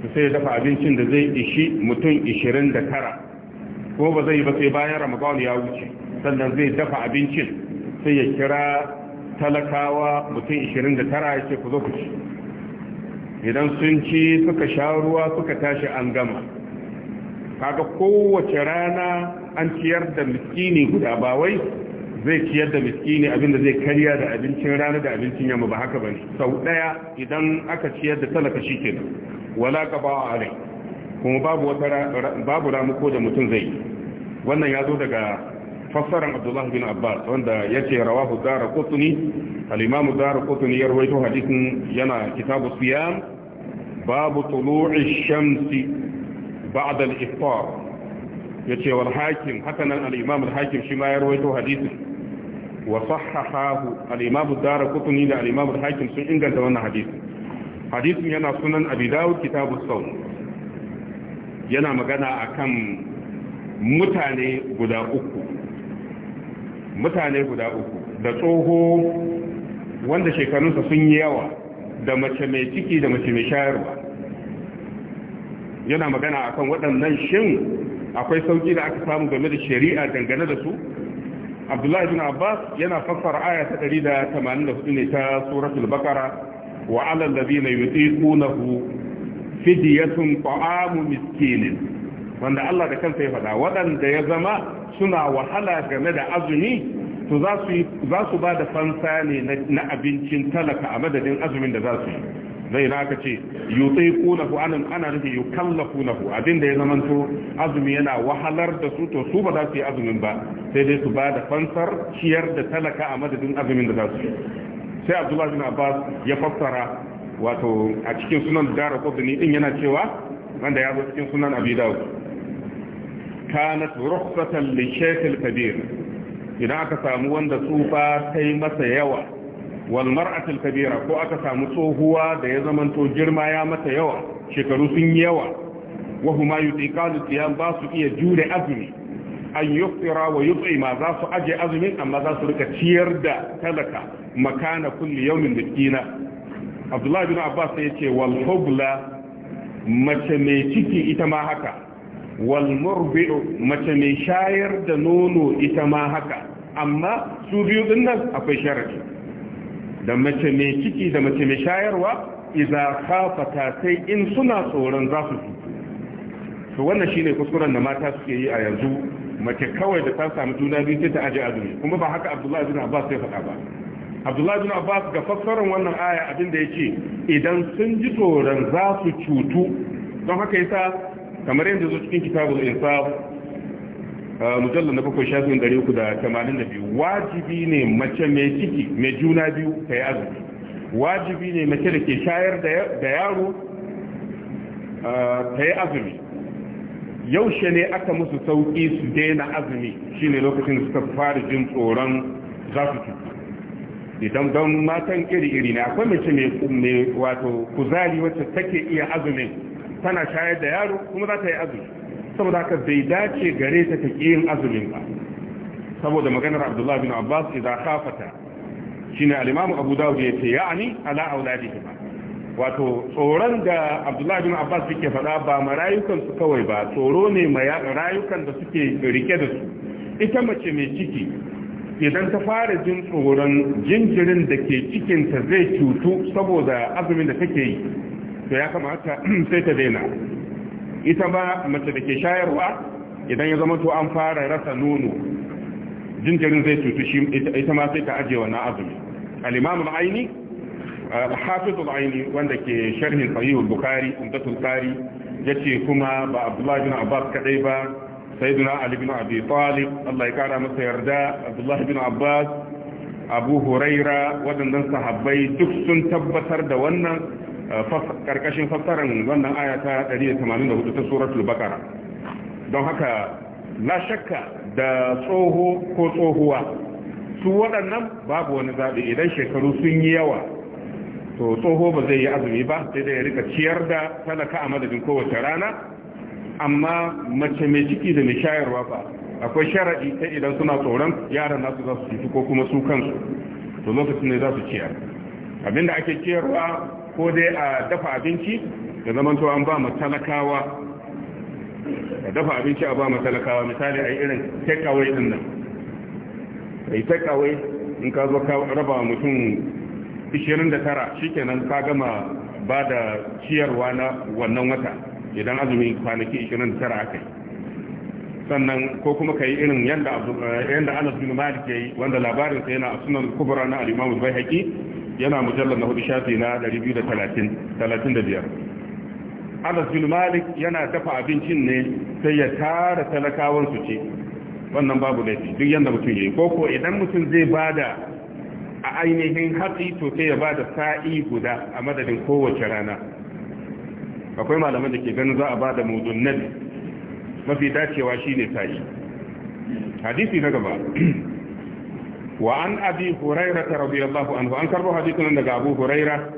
to sai ya dafa abincin da zai ishi mutum 29 ko ba zai ba sai bayan ramadan ya wuce sannan zai dafa abincin sai ya kira talakawa mutum 29 ya ce ku zo ku ci idan sun ci suka sha ruwa suka tashi an gama kaga kowace rana an ciyar da miskini guda ba wai zai ciyar da miskini abinda zai karya da abincin rana da abincin yamma ba haka bane sau daya idan aka ciyar da talaka shi kenan wala qaba alai kuma babu wata babu ramuko da mutum zai wannan ya zo daga fassaran Abdullah bin Abbas wanda ce rawahu dara Daraqutni al dara Daraqutni ya rawaito hadisin yana kitabu siyam babu tulu'i shamsi ba'da al-iftar ce wal hakim hakanan al-Imam al-Hakim shi ma ya rawaito hadisin wa sahahahu al-Imam Daraqutni da al-Imam al-Hakim sun inganta wannan hadisin Hadisun yana sunan abi kitabun kitabu sau yana magana a kan mutane guda uku mutane guda uku da tsoho wanda shekarunsa sun yi yawa da mace mai ciki da mace mai shayarwa yana magana akan waɗannan shin akwai sauki da aka samu game da shari'a dangane da su abdullahi bin abbas yana fassara aya ta 184 ne ta suratul baqara wa alal ladina yutiqunahu fidyatun ta'amu miskinin wanda Allah da kansa ya faɗa waɗanda ya zama suna wahala game da azumi to za su ba da fansa ne na abincin talaka a madadin azumin da za su yi zai na aka ce yi tsaye kunafu anan ana abinda ya zamanto azumi yana wahalar da su to su ba za su yi azumin ba sai dai su ba da fansar ciyar da talaka a madadin azumin da za su yi sai abdullahi bin abbas ya fassara wato a cikin sunan dara kudini din yana cewa wanda ya zo cikin sunan abi kanat rukhsatan li shaykh kabir idan aka samu wanda tsufa sai masa yawa wal mar'at kabira ko aka samu tsohuwa da ya zamanto girma ya mata yawa shekaru sun yi yawa wa huma yutiqalu siyam ba su iya jure azumi an yuftira wa yut'ima za su aje azumin amma za su rika ciyar da talaka makana kulli yawmin miskina abdullahi bin abbas ya ce wal hubla mace mai ciki ita ma haka wal murbi'u mace mai shayar da nono ita ma haka amma su biyu din nan akwai sharadi da mace mai ciki da mace mai shayarwa idza khafata sai in suna tsoron za su to wannan shine kuskuren da mata suke yi a yanzu mace kawai da ta samu juna biyu sai ta aje azumi kuma ba haka abdullahi bin abbas sai faɗa ba abdullahi bin abbas ga fassarar wannan aya abin da ce idan sun ji tsoron za su cutu don haka yasa kamar yadda zo cikin kitabul insaf mujallar na bakwai shafin ɗari uku da tamanin da biyu wajibi ne mace mai ciki mai juna biyu ta yi azumi wajibi ne mace da ke shayar da yaro ta yi azumi yaushe ne aka musu sauƙi su daina azumi shine lokacin da suka fara jin tsoron za su idan don matan iri-iri ne akwai mace mai wato kuzari wacce take iya azumin tana shayar da yaro kuma za ta yi azumi saboda haka bai dace gare ta ta yin azumin ba saboda maganar abdullahi bin abbas idan kafata shi ne imamu abu da ya ce ya'ani ala auladihim wato tsoron da abdullahi bin abbas suke faɗa ba ma rayukan su kawai ba tsoro ne ma rayukan da suke rike da su ita mace mai ciki idan ta fara jin tsoron jinjirin da ke cikinta zai cutu saboda azumin da take yi to ya kamata sai ta daina ita ba mace da ke shayarwa idan ya zama to an fara rasa nono jinjirin zai cutu shi ita ma sai ta ajiye wannan azumi al-imam al-aini uh, hafiz al wanda ke sharhin sahih al-bukhari umdatul ya yace kuma ba abdullahi bin abbas kadai ba sayyidina ali bin abi talib Allah ya kara masa yarda abdullahi bin abbas abu huraira waɗannan sahabbai duk sun tabbatar da wannan karkashin uh, fassarar wannan aya ta 184 ta suratul baqara don haka la shakka da tsoho ko tsohuwa su waɗannan babu wani zaɓe idan shekaru sun yi yawa to tsoho ba zai yi azumi ba sai da ya rika ciyar da talaka a madadin kowace rana amma mace mai ciki da mai shayarwa ba akwai sharaɗi ta idan suna tsoron yaran nasu za su cutu ko kuma su kansu to lokacin ne za su ciyar abinda ake ciyarwa ko dai a dafa abinci da zaman to an ba mu talakawa a dafa abinci a ba mu talakawa misali a irin takeaway din nan kai takeaway in ka zo ka raba mutum 29 shikenan ka gama ba da ciyarwa na wannan wata idan azumi kwanaki 29 yi sannan ko kuma ka yi irin yadda eh, yanda Anas bin Malik yayi wanda labarin sa yana a sunan kubra na al-Imam al-Baihaqi yana mujallar na hudu shafi na 230 35 Anas bin Malik yana dafa abincin ne sai ya tara talakawan su ce wannan babu laifi duk yadda mutum yayi ko ko idan mutum zai bada a ainihin hatsi to sai ya bada sa'i guda a madadin kowace rana akwai malaman da ke ganin za a ba da mudun mafi dacewa shine sa'i hadisi na gaba wa an abi huraira ta radiyallahu anhu an karbo nan daga abu huraira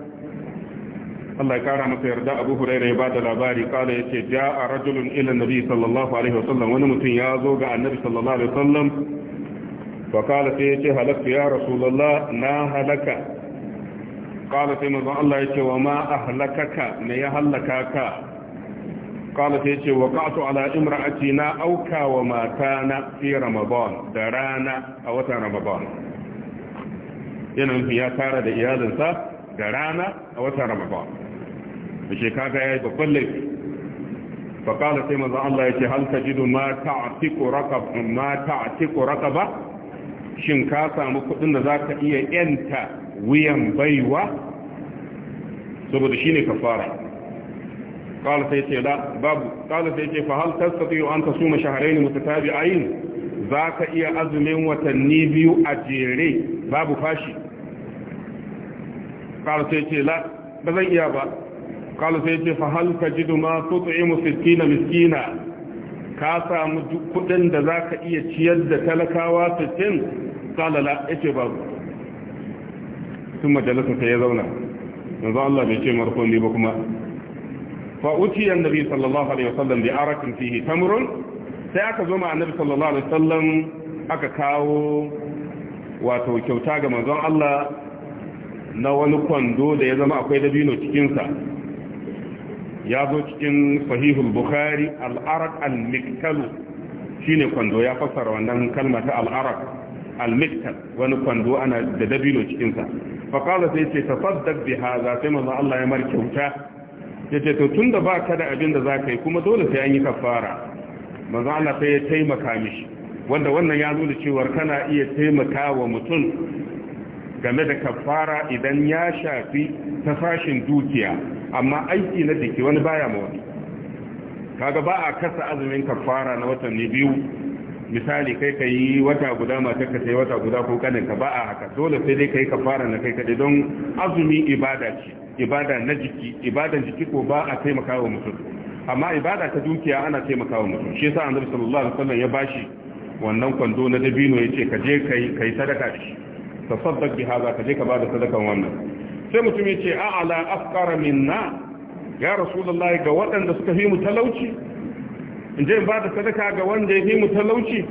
Allah ya kara masa yarda abu huraira ya ba da labari kala yace a rajulun ila nabi sallallahu alaihi wasallam wani mutum ya zo ga annabi sallallahu alaihi wasallam fa kala sai ce halaka ya rasulallah na halaka قال في مرضى الله يتي وما أهلكك ما يهلكك قال في يتي وقعت على امرأتنا أوكا وما كان في رمضان درانا أو تا رمضان ينهم يا تارة إيالنسا درانا أو تا رمضان مشي كاكا يا بكل فقال في مرضى الله يتي هل تجد ما تعتق رقب ما تعتق رقبة شنكاسا ka ذاك إيه إنت za wuyan baiwa saboda shi ne kafara ƙala sai ce la babu ƙala sai ce fa hal tastati'u an tasuma shahrayn za ka iya azumin watanni biyu a jere babu fashi ƙala sai ce la ba zan iya ba ƙala sai ce fa hal tajidu ma tut'imu 60 miskina ka samu duk kudin da za ka iya ciyar da talakawa 60 ƙala la ce babu Tun majalisa ta ya zauna yanzu Allah bai ce markoli ba kuma fa utiya sallallahu alaihi wasallam bi arakin fihi tamrun sai aka zo ma annabi sallallahu alaihi wasallam aka kawo wato kyauta ga manzon Allah na wani kwando da ya zama akwai dabino cikin sa ya zo cikin sahihul bukhari al-araq al-miktalu shine kwando ya fassara wannan kalma ta al-araq almiktar wani kwando ana da dabino cikinsa faƙala sai ce ta saddar bi haza sai manzan Allah ya mar kyauta ya ce to tun da ba ka da abin da za ka yi kuma dole sai an yi kafara manzan Allah sai ya taimaka mishi wanda wannan ya nuna cewar kana iya taimaka wa mutum game da kafara idan ya shafi ta fashin dukiya amma aiki na jiki wani baya ma wani kaga ba a kasa azumin kafara na watanni biyu misali kai ka yi wata guda matar ka sai wata guda ko kanin ka ba a haka dole sai dai kai fara na kai kaɗai don azumi ibada ce ibada na jiki ibadan jiki ko ba a taimakawa mutum amma ibada ta dukiya ana taimakawa mutum shi yasa annabi sallallahu alaihi wasallam ya bashi wannan kwando na dabino yace ka je kai kai sadaka da shi tasaddaq bi hada ka je ka bada sadakan wannan sai mutum yace a ala afqara minna ya rasulullahi ga waɗanda suka fi mu talauci in je ba da sadaka ga wanda ya fi mu talauci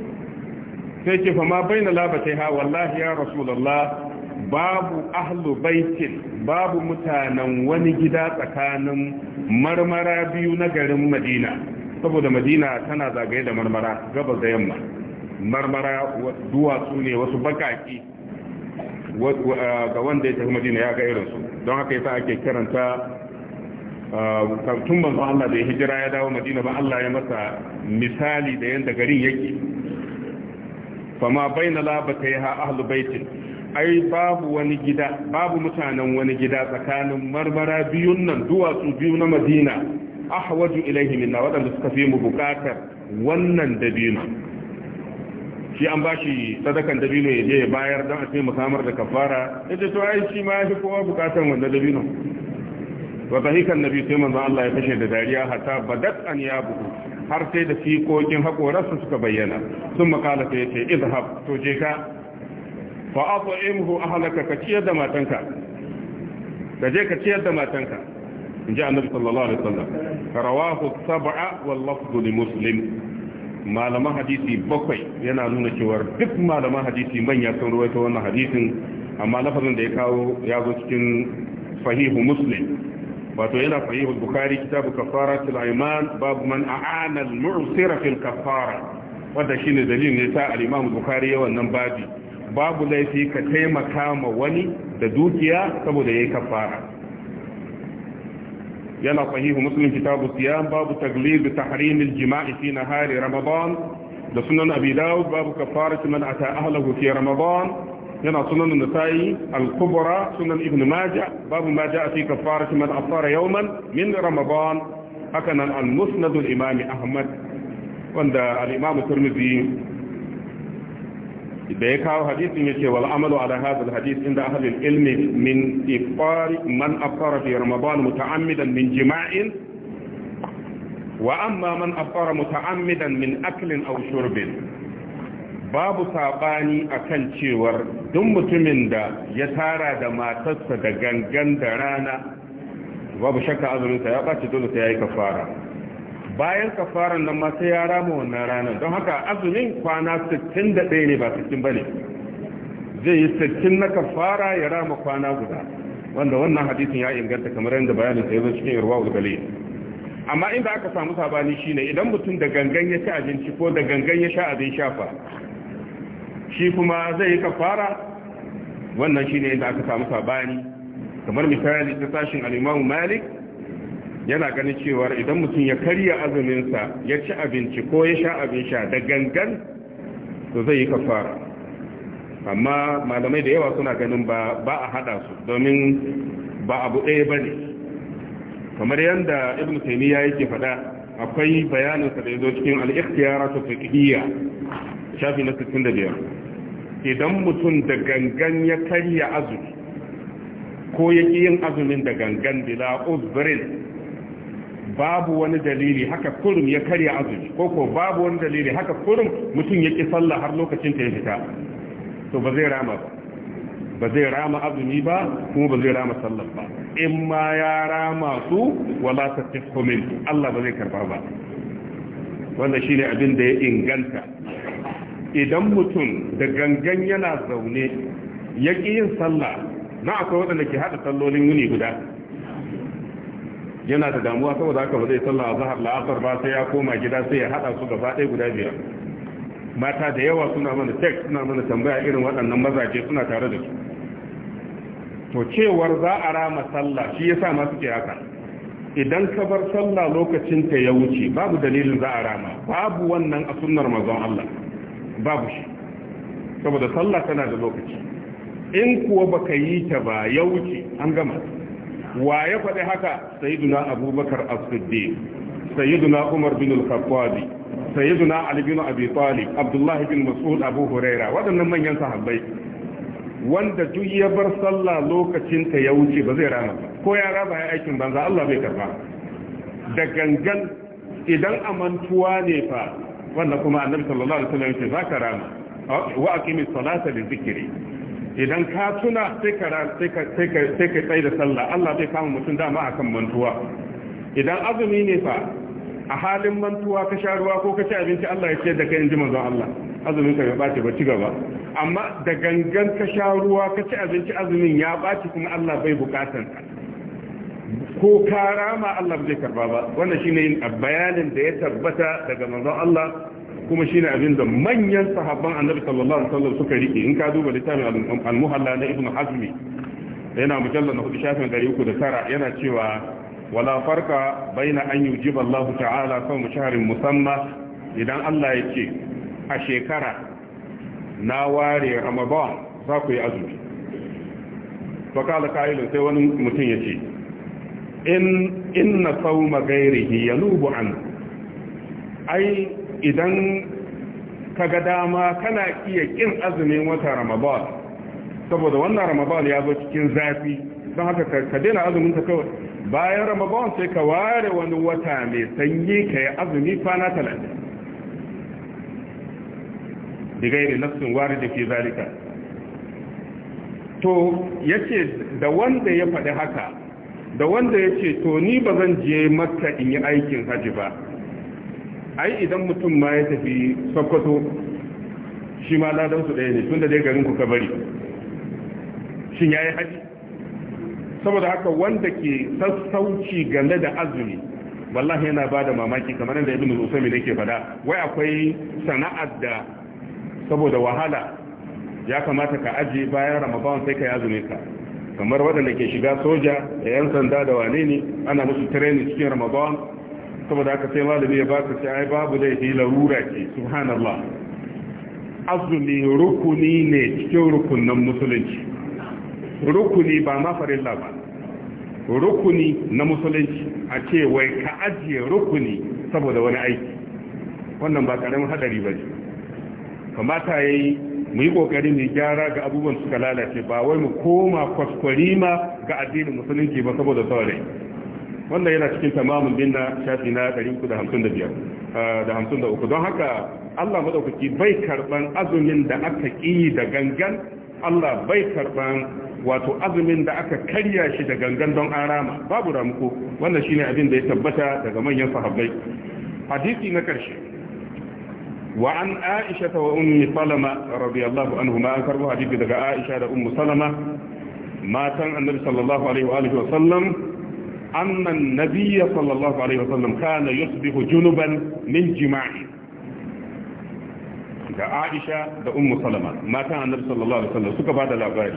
sai ke fama ma baina labatai ha wallahi ya rasulullah babu ahlu baitin babu mutanen wani gida tsakanin marmara biyu na garin madina saboda madina tana zagaye da marmara gaba da yamma marmara duwatsu ne wasu bakaki ga wanda ya tafi madina ya ga irinsu don haka yasa ake kiranta Ah, tun manzo Allah da ya hijira ya dawo madina ba Allah ya masa misali da yadda garin yake fama na labata ya ahlu baitin ai babu wani gida babu mutanen wani gida tsakanin marmara biyun nan duwatsu biyu na madina ahwaju ilaihi minna waɗanda suka fi mu bukatar wannan dabino shi an ba shi sadakan dabino ya je ya bayar don a ce mu samar da kafara ya ce to ai shi ma ya fi kowa bukatar wannan dabino wa zahikan nabi sai manzon Allah ya fashe da dariya hatta badat an ya buhu har sai da fikokin haƙorarsa suka bayyana sun makala ta yace izhab to je ka fa at'imhu ahlaka ka ciyar da matanka ka je ka ciyar da matanka in ji annabi sallallahu alaihi wasallam rawahu sab'a wal lafdhu li muslim malaman hadisi bakwai yana nuna cewa duk malaman hadisi manya sun ruwaito wannan hadisin amma lafazin da ya kawo ya zo cikin sahihu muslim wato yana sahihul bukhari kitabu kafaratul ayman babu man a'ana al-mu'sira fil kafara wanda shine dalilin ne sa al-imam bukhari ya wannan babi babu laifi ka taimaka ma wani da dukiya saboda yayi kafara yana sahihu muslim kitabu siyam babu taglib tahrim al-jima'i fi nahari ramadan da sunan abi dawud babu kafaratu man ata ahlihi fi ramadan هنا سنن النسائي الكبرى سنن ابن ماجه باب ما جاء في كفارة من افطر يوما من رمضان أكن المسند الإمام أحمد وند الإمام الترمذي بيكاو حديث يمشي والعمل على هذا الحديث عند أهل العلم من إفطار من افطر في رمضان متعمدا من جماع وأما من أفطر متعمدا من أكل أو شرب babu saɓani a kan cewar duk mutumin da ya tara da matarsa da gangan da rana babu shakka azuminsa ya ɓace dole sai ya yi kafara bayan kafaran nan ma sai ya rama wannan ranar don haka azumin kwana 61 ne ba 60 ba ne zai yi 60 na kafara ya rama kwana guda wanda wannan hadisin ya inganta kamar yadda bayanin sai zai cikin irwa ulgali amma inda aka samu sabani shine idan mutum da gangan ya ci abinci ko da gangan ya sha abin shafa shi kuma zai yi kafara wannan shine yadda aka samu sabani kamar misali ta sashin al-Imam Malik yana ganin cewa idan mutum ya karya azuminsa ya ci abinci ko ya sha abin sha da gangan to zai yi kafara amma malamai da yawa suna ganin ba ba a hada su domin ba abu ɗaya bane kamar yadda Ibn Taymiyyah yake faɗa akwai bayanin sa da yazo cikin al-ikhtiyaratu fiqhiyya shafi na 65 idan mutum da gangan ya karya azumi ko ya ƙi yin azumin da gangan bila uzbrin babu wani dalili haka kurum ya karya azumi ko ko babu wani dalili haka kurum mutum ya ƙi sallah har lokacin ta ya fita to ba zai rama ba ba zai rama azumi ba kuma ba zai rama sallah ba in ma ya rama su wala tasfihu min Allah ba zai karba ba Wanda shi ne abin da ya inganta idan mutum da gangan yana zaune ya ƙi yin sallah na akwai waɗanda ke haɗa sallolin wuni guda yana da damuwa saboda haka ba zai sallah a zahar la'asar ba sai ya koma gida sai ya haɗa su gaba ɗaya guda biyar mata da yawa suna mana tek suna mana tambaya irin waɗannan mazaje suna tare da su to cewar za a rama sallah shi ya sa masu ke haka idan ka bar sallah lokacin ta ya wuce babu dalilin za a rama babu wannan a sunnar manzon Allah babu shi saboda sallah tana da lokaci in kuwa baka yi ta ba ya wuce an gama wa ya faɗi haka sayyiduna abubakar as-siddiq sayyiduna umar bin al-khattab sayyiduna ali bin abi talib abdullahi bin mas'ud abu huraira waɗannan manyan sahabbai wanda duk ya bar sallah lokacin ta ya wuce ba zai rama ko ya raba ya aikin banza Allah bai karba da gangan idan amantuwa ne fa wannan kuma annabi sallallahu alaihi wasallam ce zaka rama wa aqimi salata li zikri idan ka tuna sai ka sai ka sai ka tsaye da sallah Allah zai kama mutum dama akan mantuwa idan azumi ne fa a halin mantuwa ka sha ruwa ko ka ci abinci Allah ya ce da kai inji manzon Allah azumin ka ya bace ba ci gaba amma da gangan ka sha ruwa ka ci abinci azumin ya bace kuma Allah bai bukatan ka ko ka ma Allah bai karba ba wannan shine bayanin da ya tabbata daga manzon Allah kuma shine abin da manyan sahabban Annabi sallallahu alaihi wasallam suka rike in ka duba littafin al-Muhalla na Ibn Hazmi yana mujallal na 309 yana cewa wala farka baina an yujiba Allah ta'ala sawm shahrin musamma idan Allah ya ce a shekara na ware Ramadan za ku yi azumi fa kala kailun sai wani mutum ya ce in inna sauma gairihi nubu an ai idan ka ga dama kana iya kin azumin wata ramadan saboda wannan ramadan ya zo cikin zafi don haka ka daina azumin ka kawai bayan ramadan sai ka ware wani wata mai sanyi ka yi azumi kwana talatin digairi nafsin wari da fi zalika to yace da wanda ya faɗi haka da wanda ya ce to ni ba zan je makka in yi aikin haji ba ai idan mutum ma ya tafi sokoto shi ma ladansu ɗaya ne tunda dai garin ku ka bari shin ya yi haji saboda haka wanda ke sassauci game da azumi wallahi yana ba da mamaki kamar da ibn usami da ke fada wai akwai sana'ar da saboda wahala ya kamata ka aje bayan ramadan sai ka yi azumi ka kamar waɗanda ke shiga soja da 'yan sanda da wane ne ana musu training cikin ramadan saboda aka sai malami ya baka sai ai babu yake larura ce subhanallah azumi rukuni ne cikin rukunan musulunci rukuni ba ma farilla ba rukuni na musulunci a ce wai ka ajiye rukuni saboda wani aiki wannan ba karamin hadari ba ne kamata ya yi mu yi kokari gyara ga abubuwan suka lalace ba wai mu koma kwaskwarima ga addinin musulunci ba saboda saurai wannan yana cikin tamamin binna shafi na 355 ah, don haka Allah maɗaukaki bai karɓan azumin da aka ƙi da gangan Allah bai karban wato azumin da aka karya shi da gangan don an rama babu ramuko wannan shine abin da ya tabbata daga manyan sahabbai hadisi na ƙarshe. وعن عائشة وأم سلمة رضي الله عنهما أنكروا حديث دقاء عائشة وأم سلمة ما كان النبي صلى الله عليه وآله وسلم أن النبي صلى الله عليه وسلم كان يصبح جنبا من جماعه da Aisha da Ummu Salama matan Annabi sallallahu alaihi wasallam suka bada labari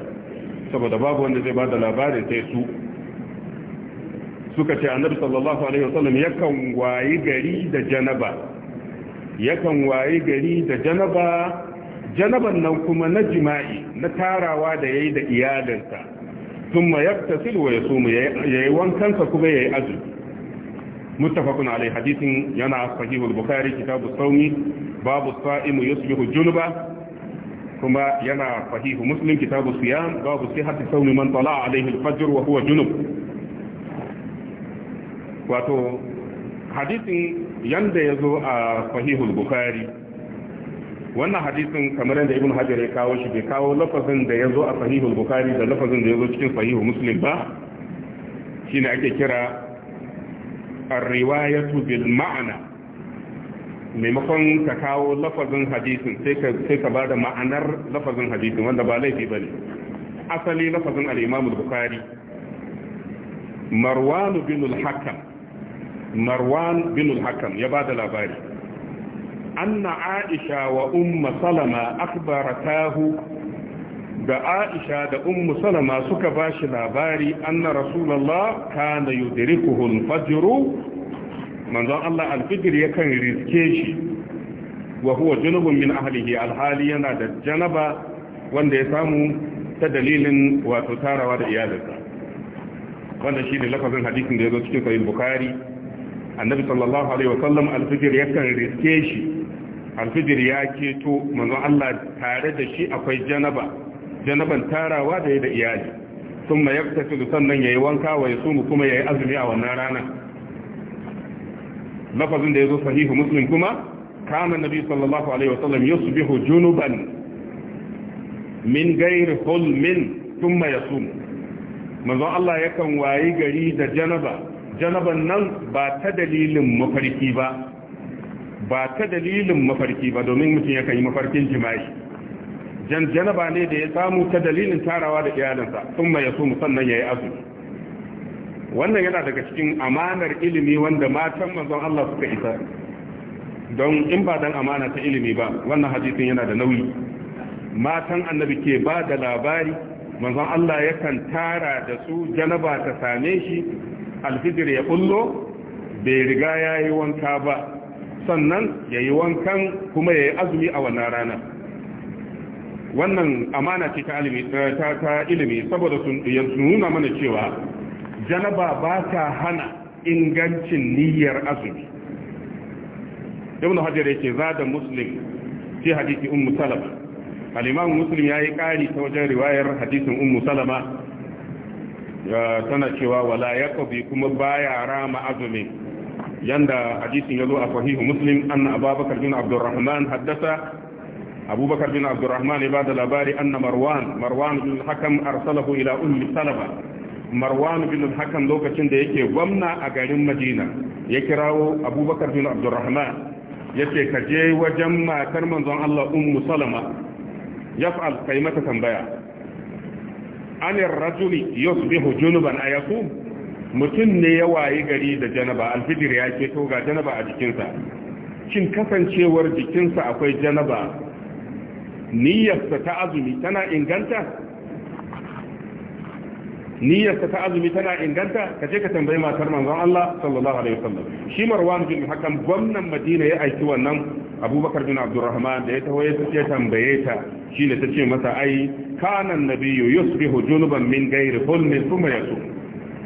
saboda babu wanda zai bada labari sai su suka ce Annabi sallallahu alaihi wasallam yakan wayi gari da janaba yakan waye gari da janaba janaban nan kuma na jima'i na tarawa da yayi da iyalinsa thumma yaktasil wa yasumu yayi wankansa kuma ya yi azumi Mutafakun alai hadisin yana sahih al kitabu sawmi babu sa'imu yusbihu junuba kuma yana sahih muslim kitabu siyam babu sihhati sawmi man tala'a alaihi al-fajr wa huwa junub wato hadisin yanda ya zo a sahihul bukhari wannan hadisin kamar yadda ibn hajar ya kawo shi bai kawo lafazin da ya zo a sahihul bukhari da lafazin da ya zo cikin sahihul muslim ba shine ake kira ar-riwayatu bil ma'ana maimakon ka kawo lafazin hadisin sai ka sai ka ma'anar lafazin hadisin wanda ba laifi bane asali lafazin al-imam al-bukhari marwan bin al-hakam marwan bin al-hakam ya labari anna aisha wa Umma salama akhbaratahu da aisha da Umma salama suka bashi labari anna rasulullah kana yudrikuhu al-fajr manzon Allah al-fajr yakan riske shi wa huwa junubun min ahlihi al-hali yana da janaba wanda ya samu ta dalilin wato tarawa da iyalinsa wannan shine lafazin hadisin da ya zo cikin sahih bukhari annabi sallallahu alaihi wasallam alfijir yakan riske shi alfijir ya keto manzon Allah tare da shi akwai janaba janaban tarawa da da iyali sun ma yaktasu sannan yayi wanka wa yasumu kuma yayi azumi a wannan rana lafazin da yazo sahihu muslim kuma kana nabi sallallahu alaihi wasallam yusbihu junuban min ghairi hulmin thumma yasum manzon Allah yakan wayi gari da janaba janaban nan ba ta dalilin mafarki ba ba ta dalilin mafarki ba domin mutum yakan yi mafarkin jima'i Jan janaba ne da ya samu ta dalilin tarawa da iyalinsa sun mai yaso musamman ya yi azu wannan yana daga cikin amanar ilimi wanda matan manzon Allah suka isa don in ba dan amana ta ilimi ba wannan hadisin yana da nauyi matan annabi ke ba da labari manzon Allah yakan tara da su janaba ta same shi alfitir ya bullo bai riga ya yi wanka ba sannan ya yi wankan kuma ya yi azumi a wannan rana wannan amana ce ta eh, ilimi saboda su nuna mana cewa janaba ba ta hana ingancin niyyar azumi ibn hajar yake zada muslim ce hadisi ummu salama al-imam muslim yayi kari ta wajen riwayar hadisin ummu salama tana cewa wala yaqbi kuma baya rama azumi yanda hadisin yazo a sahih muslim anna abubakar bin abdurrahman haddasa abubakar bin abdurrahman ba da labari anna marwan marwan bin hakam arsalahu ila ummi salama marwan bin hakam lokacin da yake gwamna a garin madina ya kirawo abubakar bin abdurrahman yace ka je wajen matar manzon Allah ummu salama yaf'al kai mata tambaya anir rajuli yusbihu junuban ayakum mutum ne ya wayi gari da janaba alfijir ya ce to ga janaba a jikinsa shin kasancewar jikinsa akwai janaba niyyarsa ta azumi tana inganta niyyarsa ta azumi tana inganta ka je ka tambayi matar manzon Allah sallallahu alaihi wasallam shi Marwan bin hakan gwamnan Madina ya aiki wannan Abubakar bin Abdurrahman da ya taho ya tambaye ta shine tace masa ai kana nabiyyu yusbihu junuban min ghairi hulmin kuma su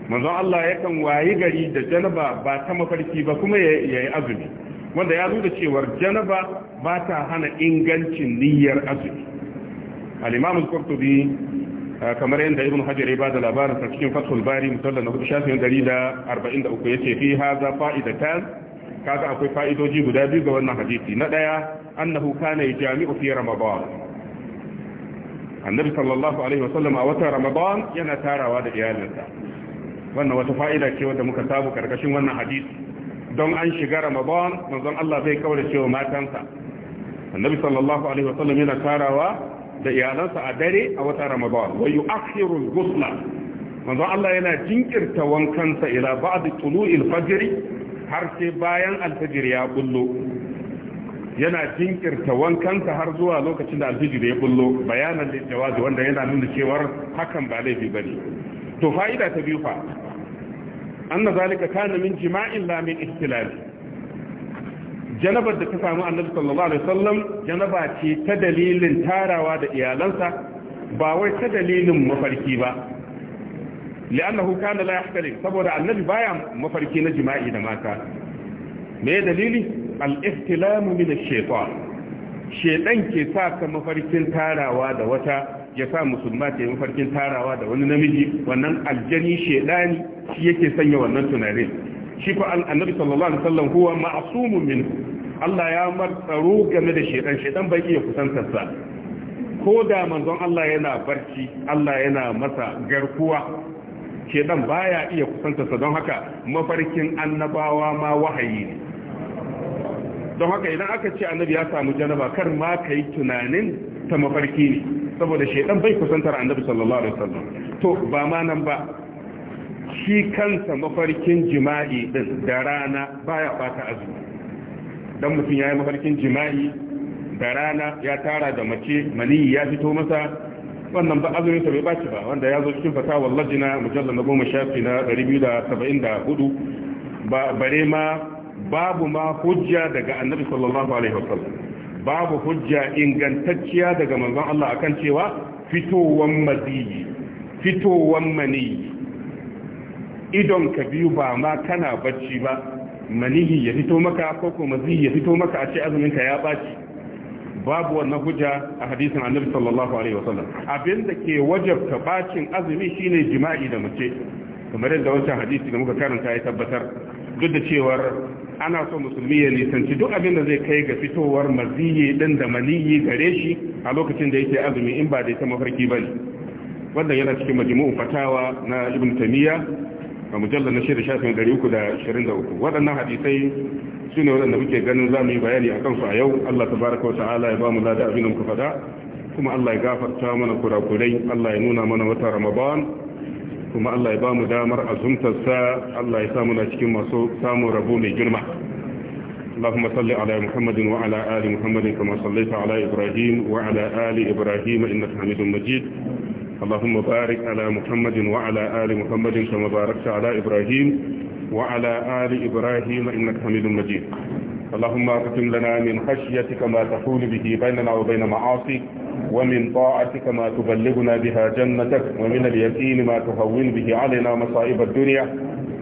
manzo Allah yakan wayi gari da janaba ba ta mafarki ba kuma yayi azumi wanda ya zo da cewar janaba ba ta hana ingancin niyyar azumi al-imam al-qurtubi uh, kamar yadda ibn hajar ya bada labarin sa cikin fathul bari musalla na shafin 143 yace fi hadha fa'idatan kaga akwai fa'idoji guda biyu ga wannan hadisi na daya annahu kana jami'u fi ramadan annabi sallallahu alaihi wasallam a watan ramadan yana tarawa da iyalinsa wannan wata fa'ida ce wanda muka samu karkashin wannan hadisi don an shiga ramadan manzon Allah zai kaura cewa matansa annabi sallallahu alaihi wasallam yana tarawa da iyalansa a dare a watan ramadan wa yu'akhiru al-ghusla manzon Allah yana jinkirta wankansa ila ba'd tulu'il fajr har sai bayan al ya bullo. yana jinkirta wankansa har zuwa lokacin da da ya bullo bayanan da jawazi wanda yana nuna cewar hakan ba laifi bane to fa'ida ta biyu fa anna zalika kana min jima'in la min ihtilal janabar da ta samu annabi sallallahu alaihi wasallam janaba ce ta dalilin tarawa da iyalansa ba wai ta dalilin mafarki ba li'annahu kana la yahtalif saboda annabi baya mafarki na jima'i da mata me dalili al-ihtilamu min ash shedan ke sa ka mafarkin tarawa da wata ya sa musulma ta yi mafarkin tarawa da wani namiji wannan aljani shedani shi yake sanya wannan tunanin shi fa annabi sallallahu alaihi wasallam huwa ma'sumun min Allah ya tsaro game da shedan shedan bai iya kusantarsa ko da manzon Allah yana barci Allah yana masa garkuwa shedan baya iya kusantarsa don haka mafarkin annabawa ma wahayi ne don haka idan aka ce annabi ya samu janaba kar ma kai tunanin ta mafarki ne saboda shaidan bai kusantar annabi sallallahu alaihi wasallam to ba ma nan ba shi kansa mafarkin jima'i din da rana baya bata azumi dan mutum yayi mafarkin jima'i da rana ya tara da mace maniyi ya fito masa wannan ba azumin sa bai baci ba wanda ya zo cikin fatawar lajina mujallal na goma shafi na 274 ba bare ma babu ma hujja daga annabi sallallahu alaihi wasallam babu hujja ingantacciya daga manzon Allah akan cewa fitowan maziyi fitowan maniyi idon ka biyu ba ma kana bacci ba manihi ya fito maka ko ko maziyi ya fito maka a ce azumin ka ya baci babu wannan hujja a hadisin annabi sallallahu alaihi wasallam abinda ke wajabta bacin azumi shine jima'i da mace kamar yadda wancan hadisi da muka karanta ya tabbatar duk da cewar ana so musulmi ya nisanci duk abin da zai kai ga fitowar maziyi din da maniyi gare shi a lokacin da yake azumi in ba da ta mafarki ba ne wannan yana cikin majmu'u fatawa na ibn tamiya a mujallar na shirin shafin gari uku da shirin da waɗannan hadisai su ne waɗanda muke ganin za mu yi bayani a kansu a yau allah tabaraka wa ta'ala ya ba mu lada abin da muka faɗa kuma allah ya gafarta mana kurakurai allah ya nuna mana wata ramadan kuma Allah ya ba mu damar azumtarsa Allah ya samu na cikin masu samun rabo mai girma اللهم صل على محمد وعلى آل محمد كما صليت على إبراهيم وعلى آل إبراهيم إنك حميد مجيد اللهم بارك على محمد وعلى آل محمد كما باركت على إبراهيم وعلى آل إبراهيم إنك حميد مجيد اللهم اقسم لنا من خشيتك ما تحول به بيننا وبين معاصيك ومن طاعتك ما تبلغنا بها جنتك ومن اليقين ما تهون به علينا مصائب الدنيا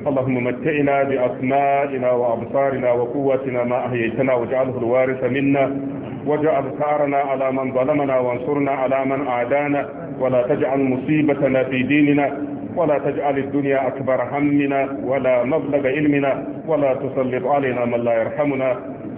اللهم متعنا بأسمائنا وأبصارنا وقوتنا ما أهيتنا واجعله الوارث منا واجعل ثارنا على من ظلمنا وانصرنا على من عادانا ولا تجعل مصيبتنا في ديننا ولا تجعل الدنيا أكبر همنا ولا مبلغ علمنا ولا تسلط علينا من لا يرحمنا